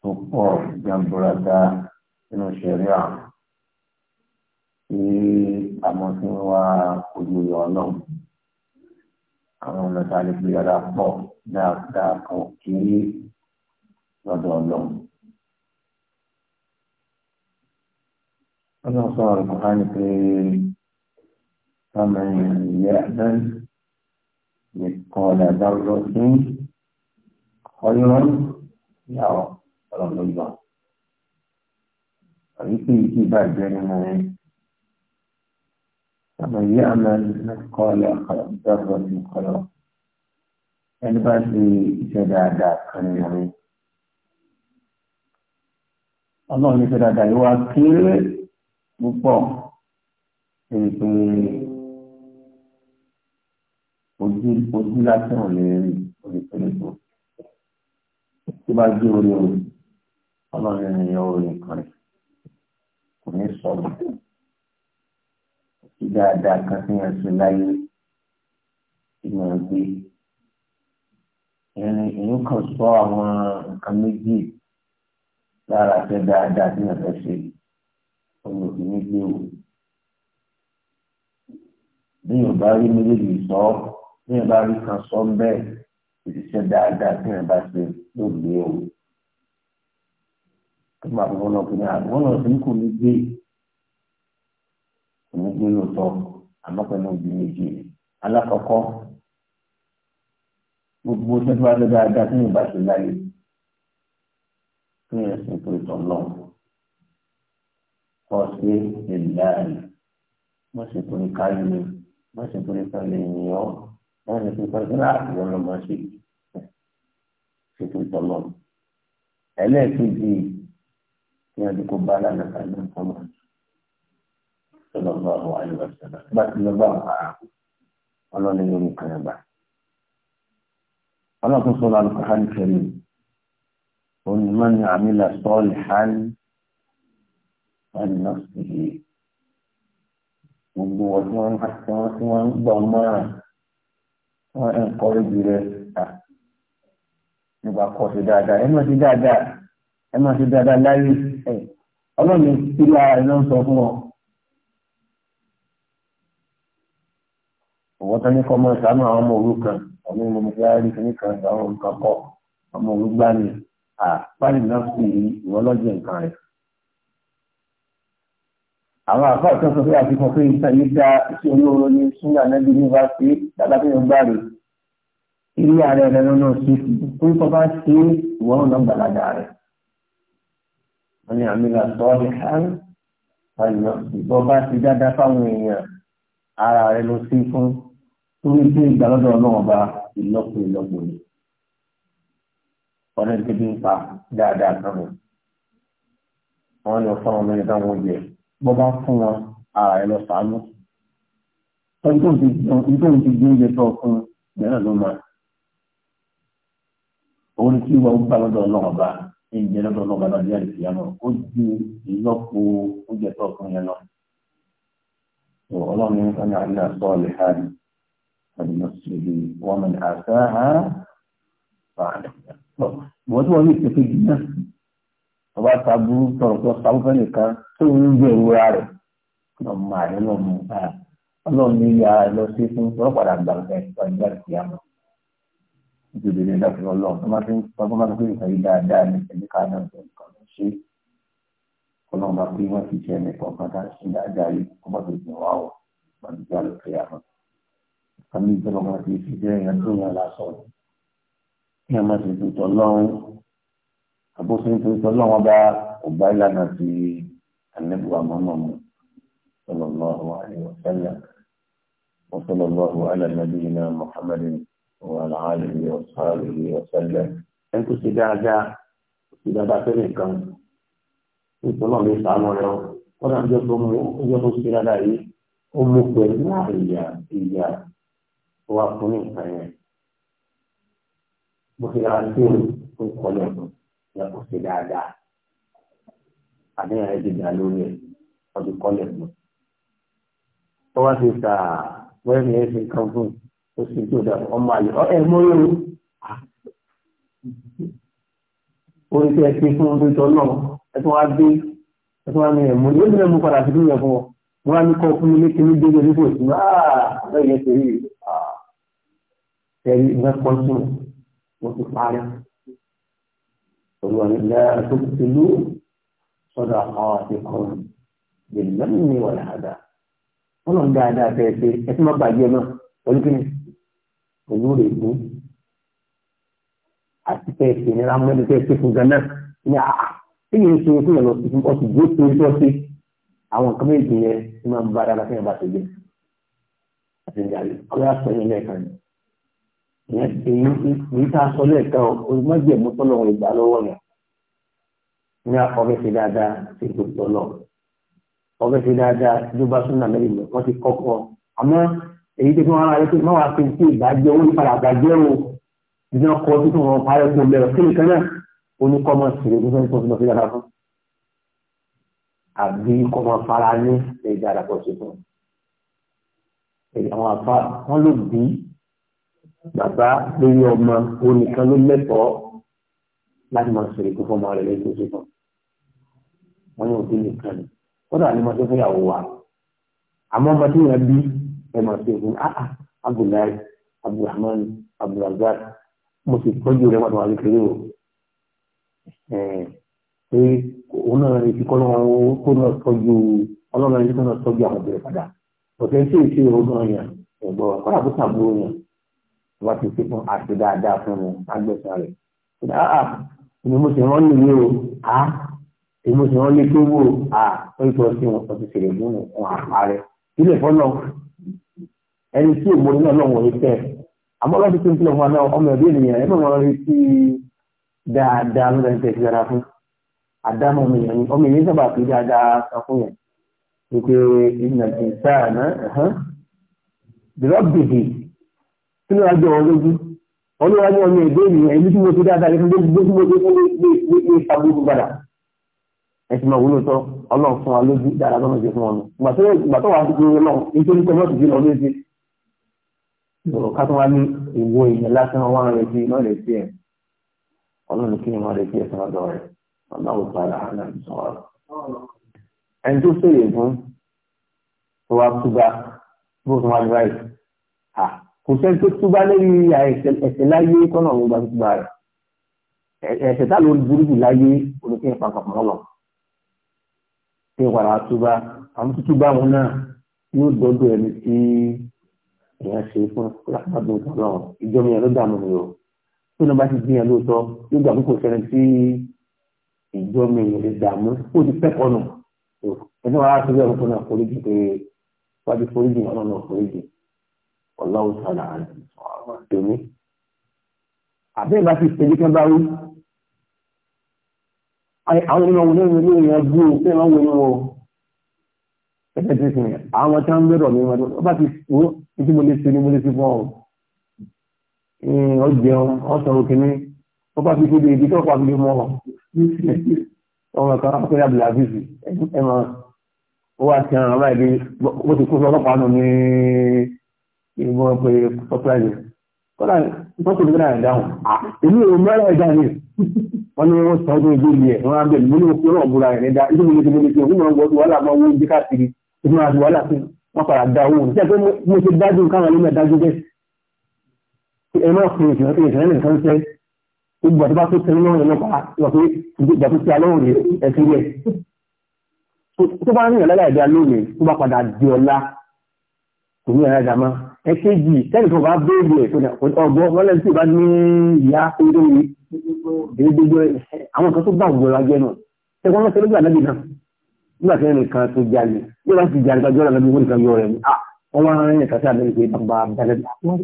tó pọ̀ jàǹbùràdà nínú ṣẹ̀ríà tí àmọ́ tí wọ́n wá olùyọ̀ ọlọ́run àwọn ọ̀nà tá a lè gbé yàrá pọ̀ dáadáa ọlọ́run sọ ọ̀rọ̀ kan ní pé ọmọ ìyá náà nìkan ọ̀dàdà lọ sí ọyọ́rọ́ ìyá ọlọ́run ló yọ. àbí kí ìkí ìbàjẹ́ nínú rẹ̀. ọmọ ìyá náà nìkan ọ̀dàdà lọ sí ọyọ́rọ́. ẹni bá ṣe iṣẹ́ dáadáa kan nínú rẹ̀. ọlọ́run ní iṣẹ́ dáadáa yóò wá kéré púpọ̀ níbi pé ojú ojú lásán lè rí orí péréte tí bá gbé orí orí ọlọ́run ní ìyá orí nǹkan rẹ̀ kò ní sọ̀rọ̀ sí dáadáa kan tí wọ́n ṣe láyé tí wọ́n gbé èyí kan sọ àwọn nǹkan méjì lára ṣe dáadáa tí wọ́n fẹ́ ṣe yìí ọmọ òbí ní gbé o bí yóò bá rí méjèèjì sọ bí yóò bá rí kan sọ ń bẹ́ẹ̀ ìṣiṣẹ́ dáadáa tí yóò bá ṣe ló gbé o tó máa fọwọ́ náà pé àwọn náà ti ń kò ní gbé kò ní gbé lóòótọ́ àmọ́ pẹ̀lú òbí méjì alákọ̀ọ́kọ́ gbogbo sẹ́fúnra dáadáa tí yóò bá ṣe láyé tí yóò tó ìtọ́ náà ọ̀sẹ̀ ìlànà wọ́n sì torí káyọ̀ ni wọ́n sì torí káyọ̀ ènìyàn wọ́n sì torí káyọ̀ láàbù ọlọ́mọ sí ṣètò ìtọ́lọ́ ẹlẹ́ẹ̀kejì ní àdúgbò bá lánàá kàdé ọmọ sọlọ́gbà ọ̀hún àyùbọ̀sọ̀lá bá ti lọ́gbà ọ̀hún ọlọ́ni lórí kan ẹ̀bà ọlọ́kùnrin sọlọ́ alùpàá kẹrin òun ni wọ́n ní àmì làṣọ́ọ̀lì hàn wọn nọ sí i gbogbo ọtí wọn tí wọn ń gbọ́ mọràn wọn ń kọ lójú rẹ ta nípa kọ sí dáadáa ẹ má sí dáadáa ẹ má sí dáadáa láyé ẹ ọlọ́run tí lára ẹ ló ń sọ fún ọ. òwò tó ní kọ́ mọ́ ìsánú àwọn ọmọ òru kan ọmọ ìlú mo fẹ́ rí kíní kan àwọn nǹkan kọ́ ọmọ òru gbá mi àpáyé náà sì ìwọ́lọ́jì nǹkan rẹ̀ àwọn àfáà tó sọ pé àfikún pé iṣẹ́ yìí dá iṣẹ́ olóró ní súnà nẹ́bí ní bá ṣe dáadáa tó yọ ń bàrè ilé ààrẹ rẹ lọ́nà ṣe pé tó bá ṣe ìwọ ọ̀nà gbàlagà rẹ̀ wọ́n ní àmì ìlà sọ́ọ́lì hàn ọ̀nà ìbọ̀ bá ṣe dáadáa fáwọn èèyàn ara rẹ̀ ló sí fún torí pé ìgbàlódọ̀ náà bá ìlọ́po ìlọ́po ni ọ̀nà ìdíbi ń pa dáadáa bọ́ bá fún wọn ara ẹ̀ lọ sàánú ọdún ti gbé oúnjẹ tó fún mìíràn ló máa òun kí wọ́n gbà lọ́dọ̀ ọlọ́run bá ìjẹ lọ́dọ̀ ọlọ́run bá lọ́dọ̀ ìyá náà ó ju ìlọ́po oúnjẹ tó fún yẹn lọ ọlọ́run ní sọ́nà àdínà sọ́ọ̀lì hàdì àdínà sílẹ̀ wọ́n mọ̀ ní àṣà á fàánù. wọ́n tí wọ́n ní ìpèsè jù ọba sábúrú tọrọ tó sábúfẹ́ nìkan tó ń gbé ìrora rẹ̀ lọ́mọ àrẹ lọ́mọ ọlọ́run ní ya lọ sí fún ọlọ́pàá àgbàgbà ẹ̀ka ìgbà ìkìyàmọ́ ìjọba ilé ìdáfẹ́ ọlọ́run tó máa fi ń pọ́n máa fi ń pè é dáadáa ní ẹ̀mí ká náà tó nǹkan lọ sí ọlọ́run bá pé wọ́n ti ṣe ẹ̀mí kọ̀ọ̀kan ká sí dáadáa yìí kó má fi gbìn wá wọ̀ gbàdúgbà ló pè é àwọn. àmì ìjọba kan fi jẹ́ ìyàtọ̀ yẹn lásán ní àbóso nítorí tọ́lọ́ wọn bá ọba ìlànà ti ànẹ́bùwà mọ́mọ́ mu sallallahu alaihi wa sallam wa sallallahu ala nabiyina muhammadin wa ala alihi wa sahbihi wa sallam ẹni tó ṣe dáadáa ṣe dáadáa fẹ́rẹ̀ kan nítorí wọn lè sàánú rẹ o wọn náà jẹ́ tó mú ọjọ́ tó ṣe dáadáa yìí ó mú pẹ̀lú ìyà ìyà wa fún nìkan yẹn bó ṣe dára sí òun ó kọ́ lẹ́kọ̀ọ́ yẹ kó ṣe dáadáa àdéhùn rẹ ti dà lórí ẹ wọn ti kọ́lẹ̀ fún un. tó wá sí sà wẹ́rẹ́ mi ẹ̀ ṣe kan fún un ó sì tó dà ọmọ àlè ọ ẹ̀ mọ́ yóò orí tí ẹ ṣe fún ọdún tó náà ẹ tún wá gbé ẹ tún wá ní ẹ̀mú ní oṣù mẹ́mú padà sí ìyẹn fún ọ wọn á ní kọ́ fún mi ní kíní gbé ní onífò sí náà bẹ́ẹ̀ yẹn ṣe rí i ẹ̀rí mo ti parí olùwàlélá àtúntìlú sọ́dọ̀ àwọn àtìkùn bìlẹ́mì wà láàdá wọ́n lọ dáadáa fẹ́ ṣe ẹtí má bàjẹ́ náà olùkíni olùrè ní àti fẹ́ ṣe ní rámọ́dé fẹ́ ṣe fún ganá ní àá tí yìí ń ṣe fún ìyàlọ́ tuntun ọtí gbó torí tó ṣe àwọn nǹkan méjì yẹn tí máa ń bá dáadáa èyí tá a sọ lẹ́ẹ̀kan olùmọ́jẹ̀mú tọ́lọ́run ìgbà lọ́wọ́ yẹn ní ọbẹ̀ ṣe dáadáa ṣe gbogbo lọ ọbẹ̀ ṣe dáadáa ló bá súnà mẹ́rin lọ wọ́n ti kọ́kọ́ àmọ́ èyí tó fi wọn ara rẹ pé má wàá fi tí ìgbàjẹ́ owó ìpadà àgbàjẹ́ o ìdí náà kọ́ títún wọn parẹ́ kó lẹ́rọ kí nìkan náà ó ní kọ́ bàbá lórí ọmọ onìkan ló lẹ́tọ̀ọ́ láti máa sọ̀rọ̀ ìkókó ọmọ rẹ̀ lẹ́yìn tó wọ́n ní òbí nìkan ni mo ah, ah, abdullahi Musu sì tọ́jú rẹ̀ wọ́n wà o pé òun náà retí kọ́ lọ́wọ́ kó náà tọ́jú ọlọ́run náà tọ́jú àwọn padà ẹ̀gbọ́n wọ́n ti ṣe fún àti dáadáa fún mi agbẹ̀sán rẹ̀. Àà ah, ni ah, mo ṣe wọ́n nìyí o, a, ah, ni mo ṣe wọ́n lé tó wò ó, à ó yẹ kí wọ́n sí wọn kò ti ṣe lè fún wọn àpárẹ. Ilé ìfọ́ náà ẹni tí òmò náà náà wọ̀nyí tẹ̀. Àmọ́ láti tún tí ọmọ náà ọmọ ẹ̀bí ènìyàn ẹ̀ náà wọ́n rí sí dáadáa ló dẹ̀ ń tẹ̀ sí dáadáa fún. Àdámọ̀ mi yẹn ni ọmọ ìyẹn sábà fi dáadáa sọ fún yẹn. Wípé ìnàjì sáà náà, nínú àjọ wọn lójú olúwa ní ọmọ èdè ènìyàn ìlú tí mo ti dáadáa ìfún gbogbo tí mo ti fún ní ìṣàgbógun padà ẹ̀sìn máa wúlò tọ́ ọlọ́run fún wa lójú dára lọ́nà ìjẹ fún ọ̀nà ìgbà tó wà á ti gbé ọlọ́run nítorí pé mọ́tò jìnnà lójú ìrọ̀ ká tó wá ní ìwo èèyàn lásán wá rẹ̀ sí iná rẹ̀ sí ẹ̀ ọlọ́run kí ni wọ́n rẹ̀ sí ẹ̀ sọ́nà dọ̀ rẹ̀ ọlọ́run padà hànà ìṣọ́ra ẹni tó sèrè fún tó wá túbà bó tó wá kò sẹ́ni tó túbá lórí ẹ̀ṣẹ̀ láyé tọ́nà ọ̀run gbàgbà rẹ̀ ẹ̀ṣẹ̀ tá ló burú jù láyé olùkẹ́ ìpapọ̀ mọ́lọ̀ ṣé wàrà túbá àwọn tó túbá wọn náà yóò dọ́dọ̀ ẹni tí èèyàn ṣe fún lápapọ̀ tọ́lọ̀ ìjọba yẹn ló dààmú mi o tó náà bá ti gbìyàn lóòótọ́ yóò gbà púpọ̀ sẹ́ni tí ìjọba yẹn lè dààmú ó ti kẹ́kọ̀ọ́ nù ẹni wàá tó bẹ́ẹ̀ fún náà foríjì pé wájú foríjì ọlọ́run foríjì ọlọ́run sọ̀rọ̀ àrùn ọ̀rọ̀ tèmi. àbẹ́ẹ̀ bá ti tẹ̀lé kí bá wí. àwọn ènìyàn wo lóyún lóyún yẹn bú o pé wọ́n wo inú o. ẹgbẹ́ tí sìn àwọn tí wọ́n bẹ̀rọ mi wọn tó bá ti wo títí mo lè ṣe ni mo lè ṣe fún ọ. ọ jẹun ọ sọ̀rọ̀ kìíní wọ́n bá fi ṣe bèèrè tó pa fi mọ́ ọmọ kan akọ́yà bìlàfíìsì ẹ̀mọ́ ó wà tí àwọn ará ìlú bó ti kú sọ́lọ́pàá nù ní ìgbọ́ pé surprise kọ́lá ìtọ́kùn nígbà ìdáhùn èmi ò mẹ́rẹ̀ ẹ̀dá ni wọ́n ní wọ́n sọ ọdún ìlú ẹ̀ wọ́n á bẹ̀rẹ̀ nínú òkú náà búra ẹ̀ dá ilé mi lójú lójú òkú náà wọ́n wàhálà máa wọ́n jí káàkiri ìlú àti wàhálà sí wọ́n padà dá owó ní sẹ́pẹ́ mo ti dájú káwọn ẹlẹ́mẹ̀ dájú bẹ́ẹ̀ ẹ má fi ìṣẹ̀lẹ̀ fi ìṣẹ̀lẹ̀ nìkan sẹ́ gbogbo àti bá tó tẹ lọ́rùn ọlọ́pàá lọ pé ìgbà tó ti alọ́rùn rẹ̀ ẹ̀sìn rẹ̀ tó bá ń rìn ọ̀lá ìdá lónìí tó bá padà di ọ̀la kò ní ẹ̀rọ ìdá máa ẹ̀kejì tẹ́lì tó bá béèrè ẹ̀ ọgbọ́ wọ́lẹ̀ tí bá ní ìyá orí gbogbo àwọn kan tó bá gbogbo ọlájẹ́ náà tẹ́kọ́ lọ́sẹ̀ lójú ànábì náà nígbà tí ẹnì kan tó jalè bí wọ́n ti jalè gbàjọ́ ọ̀la lọ́dún nìkan yọ rẹ̀ ni ah, wọ́n wá rẹ̀ kàtí àbẹ̀rẹ̀ pé bàbá dalẹ̀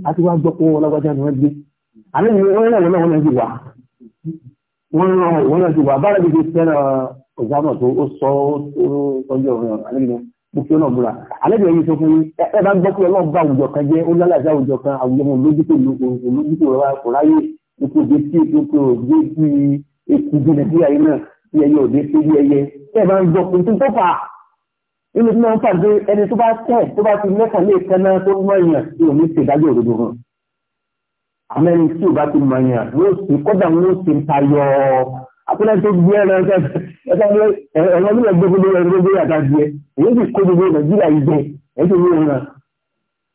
àti wá gbọ́ pé ọlọ́gbàjá ni wọ́n gbé àlẹ́ ni wọ́n rẹ̀ wọ́n náà ti wà wọ́n náà ti wà bá mo fi ọ̀nà búra alẹ́bẹ̀ẹ́ yìí sọ fún mi ẹ bá gbọ́ pé ọlọ́run bá àwùjọ kan jẹ́ ó lálàjá àwùjọ kan àwùjọ mọ olójútó olójútó rẹ kò ráyè ipò dé sí ipò tó dé sí ikú bí nàìjíríà yìí náà tí ẹyẹ ò dé sí ilé ẹyẹ ẹ bá ń gbọ́ pé tó tó fà á nínú tí wọ́n ń pàdé ẹni tó bá tẹ̀ tó bá ti mẹ́fà lé kẹ́nà tó mọ èèyàn tí ò ní ṣe ìdájọ́ òdodo hàn àmọ́ ẹni tí ò bá ti mọ èèyàn yóò ṣe kọ́dà wọn ó ṣe ń tayọ àpẹẹrẹ tó gbé ẹran ẹgbẹ́ ẹ̀rọ nílẹ̀ gbogbo ẹ̀rọ gbogbo àtàjẹ èyí sì kó gbogbo nàìjíríà yìí jẹ èyí tó wúwo náà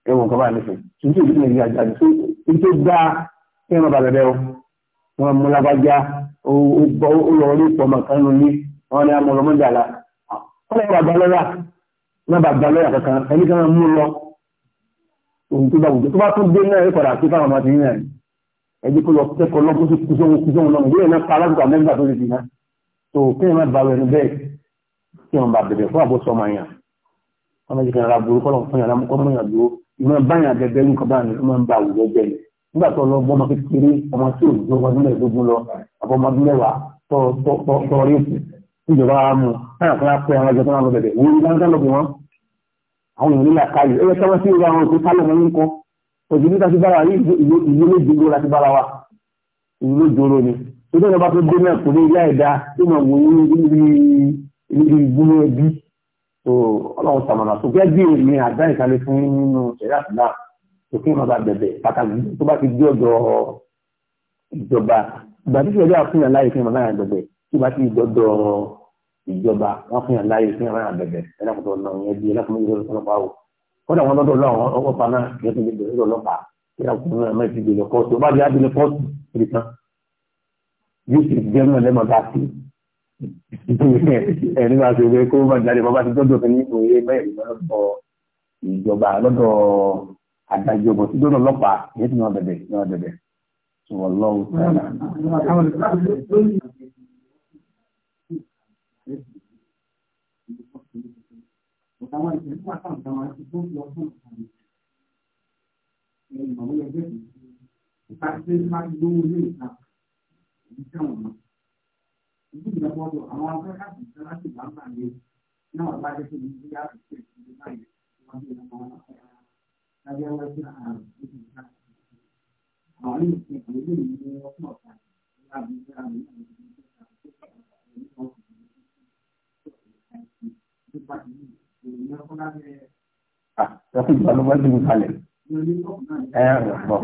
ẹwọn kan bá nífẹ̀ẹ́ tuntun ìlú nàìjíríà jáde tó ń tó dá kí wọn bá bẹ̀rẹ̀ o wọn mú lágbájá ó lọ orí ìpọmọ kan nù ní wọn ní amọ lọmọdé àlá wọn lọ bàbá lọ́yà wọn bàbá lọ́yà kankan ẹni kan mú lọ ohun tó bá wùdó tó bá tún dé náà ẹ padà sí fáwọn ọmọ àti yín náà ẹni kó lọ kẹ́kọ̀ọ́ lọ kó sì kú sóhun kú sóhun lọ tó kéèyàn má bàbá ẹnu bẹ́ẹ̀ kí wọn bá bẹ̀rẹ̀ fún àbóso ọmọ yẹn wọn bá jẹ kí n ra burú kọ́ lọ́n fún yàrá mọ́ mọ́ yàrá dúró ìmọ̀ báyàn bẹ̀bẹ̀ nǹkan bá ní ọmọ ń ba àwùjọ jẹ ni nígbà tó lọ bọ́ ọmọ kékeré ọmọ tí ò ju ọmọdún mẹ́ẹ̀ẹ́dógún lọ àbọ̀ ọmọdún mẹ́wàá tọ́ọ̀rí kù níjọba ara mu táyà kan pé àwọn ọjọ́ tó máa lọ ni ìjọ ìjọba tó gbé náà kò ní ilé ẹ̀dá tó mọ̀ wò ní ilé ìgbúnú ẹbí tó ọlọ́run sàmọ̀nà tó gẹ́ bí èmi àgbá ìkàlẹ̀ fún nínú ṣẹ̀dá àtúndà tó kí wọn bá bẹ̀bẹ̀ pàtàkì tó bá ti dé ọ̀dọ̀ ìjọba ìgbà tí ṣẹ̀dá fún yàn láàyè fún yàn láàyè bẹ̀bẹ̀ tó bá ti dọ̀dọ̀ ìjọba wọn fún yàn láàyè fún yàn láàyè bẹ̀bẹ̀ ẹlẹ́kùnrin ọ̀nà ìyẹn bí ẹlẹ́kùnrin ọlọ́pàá yóò ṣe jẹ́ náà lẹ́mọ̀ bá sí ẹni bá ṣe wẹ́ kó má jáde bàbá ti tọ́jú ní òye bẹ́ẹ̀ lọ́dọ̀ ìjọba lọ́dọ̀ adájọ́ bọ̀ sí lọ́dọ̀ ọlọ́pàá yẹn ti náà bẹ̀bẹ̀ náà bẹ̀bẹ̀ tó ń lọ fún ìṣàlẹ̀ ìjọba ìdílé ọgbọ́dọ̀ àwọn afẹ́ká sì ń sára sí ìlànà yẹn náà bá dé síbi tí a ti ìdílé báyìí wọ́n bí ọmọ lábẹ́ ọwọ́ sí àrùn tó ti ká àwọn ilé ìṣe ìlú ìlú ní ọkọ̀ ọ̀tá láàbí láàbí láàbí Ah, ya fui para lo más de mi padre. Eh, no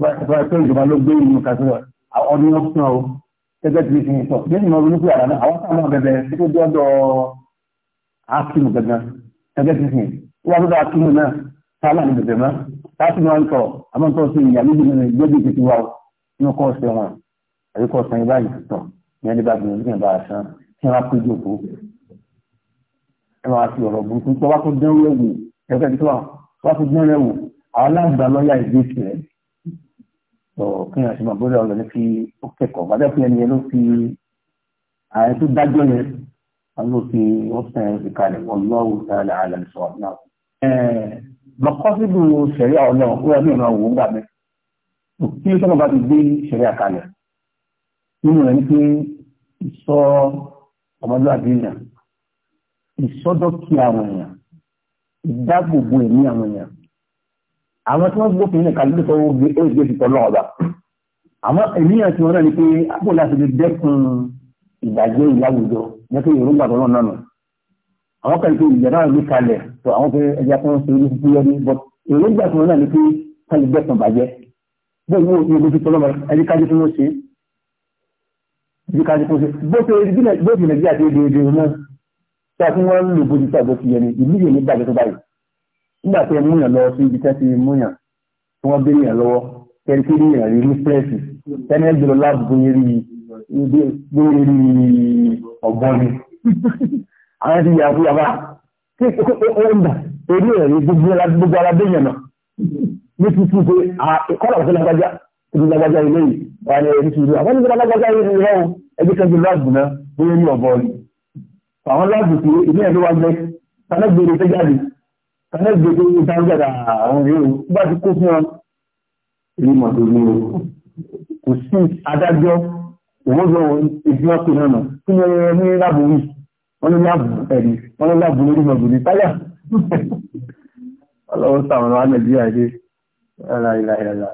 báyìí pé ìjọba ló gbé ìlú kàtúrọ̀ ọdún yóò fún ọ gẹ́gẹ́ tí fi sọ bí ìmọ̀ ronú pé àrà náà àwọn táwọn bẹ̀bẹ̀ tí ó dọ́dọ̀ ákìmù gangan gẹ́gẹ́ tí fi o inú kọ́ ṣe wọn àbí kọ́ san ibà yìí tọ̀ ní ẹni bá gbìyànjú ní ìbára san kí wọ́n pé tó kí wọn ṣe máa bóyá ọlọ́ni fi ó kẹ́kọ̀ọ́ bàtà fún ẹni yẹn ló fi ààrẹ tó dájọ́ yẹn wọn ló fi wọn sàn yẹn fi kalẹ̀ wọn lọ́wọ́ sàlẹ̀ àlẹ́ sọ náà. mọ̀kọ́sídù sẹ̀ríà ọlọ́run ó yẹn máa wò ó gbà mí kí ló sábà bá ti gbé sẹ̀ríà kalẹ̀ nínú rẹ̀ ní pé ìsọ ọmọlúwàbí èèyàn ìsọdọ̀tí àwọn èèyàn ìdáàbòbò ẹ̀mí àwọn èèyàn àwọn tí wọ́n gbófin ní kàlùkù tó gbé èdè ti tọ́lọ́ ọba àmọ́ ènìyàn tí wọ́n náà ni pé àpò láti lè dẹ́kun ìgbàgbé ìyáwùjọ jẹ́kẹ́ yorùbá tọ́lọ́ náà nù àwọn kan pé ìjọba náà gbé kalẹ̀ tó àwọn pé ẹja tó ń ṣe orí fífi yẹn ní bọ́ èròǹgbà tí wọ́n náà ni pé ká lè dẹ́kun bàjẹ́ bẹ́ẹ̀ ni òfin ìgbésí tọ́lọ́ ẹni kájú tó ń ṣe bó ṣe bí nàìjíríà ti di èdè náà tí a tún wọ́n ń lò bójú tó àgbọ̀ nígbà tí ẹ múyàn lọ sí ibi tẹ́sí múyàn tí wọ́n bèèrè yàn lọ́wọ́ kẹrí kí yàn rí ní pẹ́ẹ̀sì tẹ́ni ẹ̀ gbèrò láàbù bóyá rí ọ̀gbọ́n ni àwọn ti yà fún yàrá kí ó ń bà orí ẹ̀ rí gbogbo alábẹ́yàn náà ní títí pé kọ́lá òfin lágbájá ìlú lágbájá ilé yìí wà ní ẹ̀rí tuntun àwọn ìlú lágbájá ilé yìí rẹ̀ ẹgbẹ́ kan ju láàbù náà bóyá ní ọ̀bọ ni àwọn láàbù tí ilé ẹ̀ ló wá gbẹ tàbí gbèrè tó jáde ẹgbẹ̀gbẹ̀ ní ìtàǹgbàdà àwọn yóò bá ti kó fún ọ ní mọ̀tò ní o kò sí adájọ́ òwúrọ̀ ìgbìmọ̀ tó náà kí ni ẹ̀rọ ní láàbù rí wọ́n ní láàbù ẹ̀rí wọ́n ní láàbù lórí mọ̀tò ní táyà ọlọ́wọ́ sàwọn ará nàìjíríà dé ara ìlà ìlà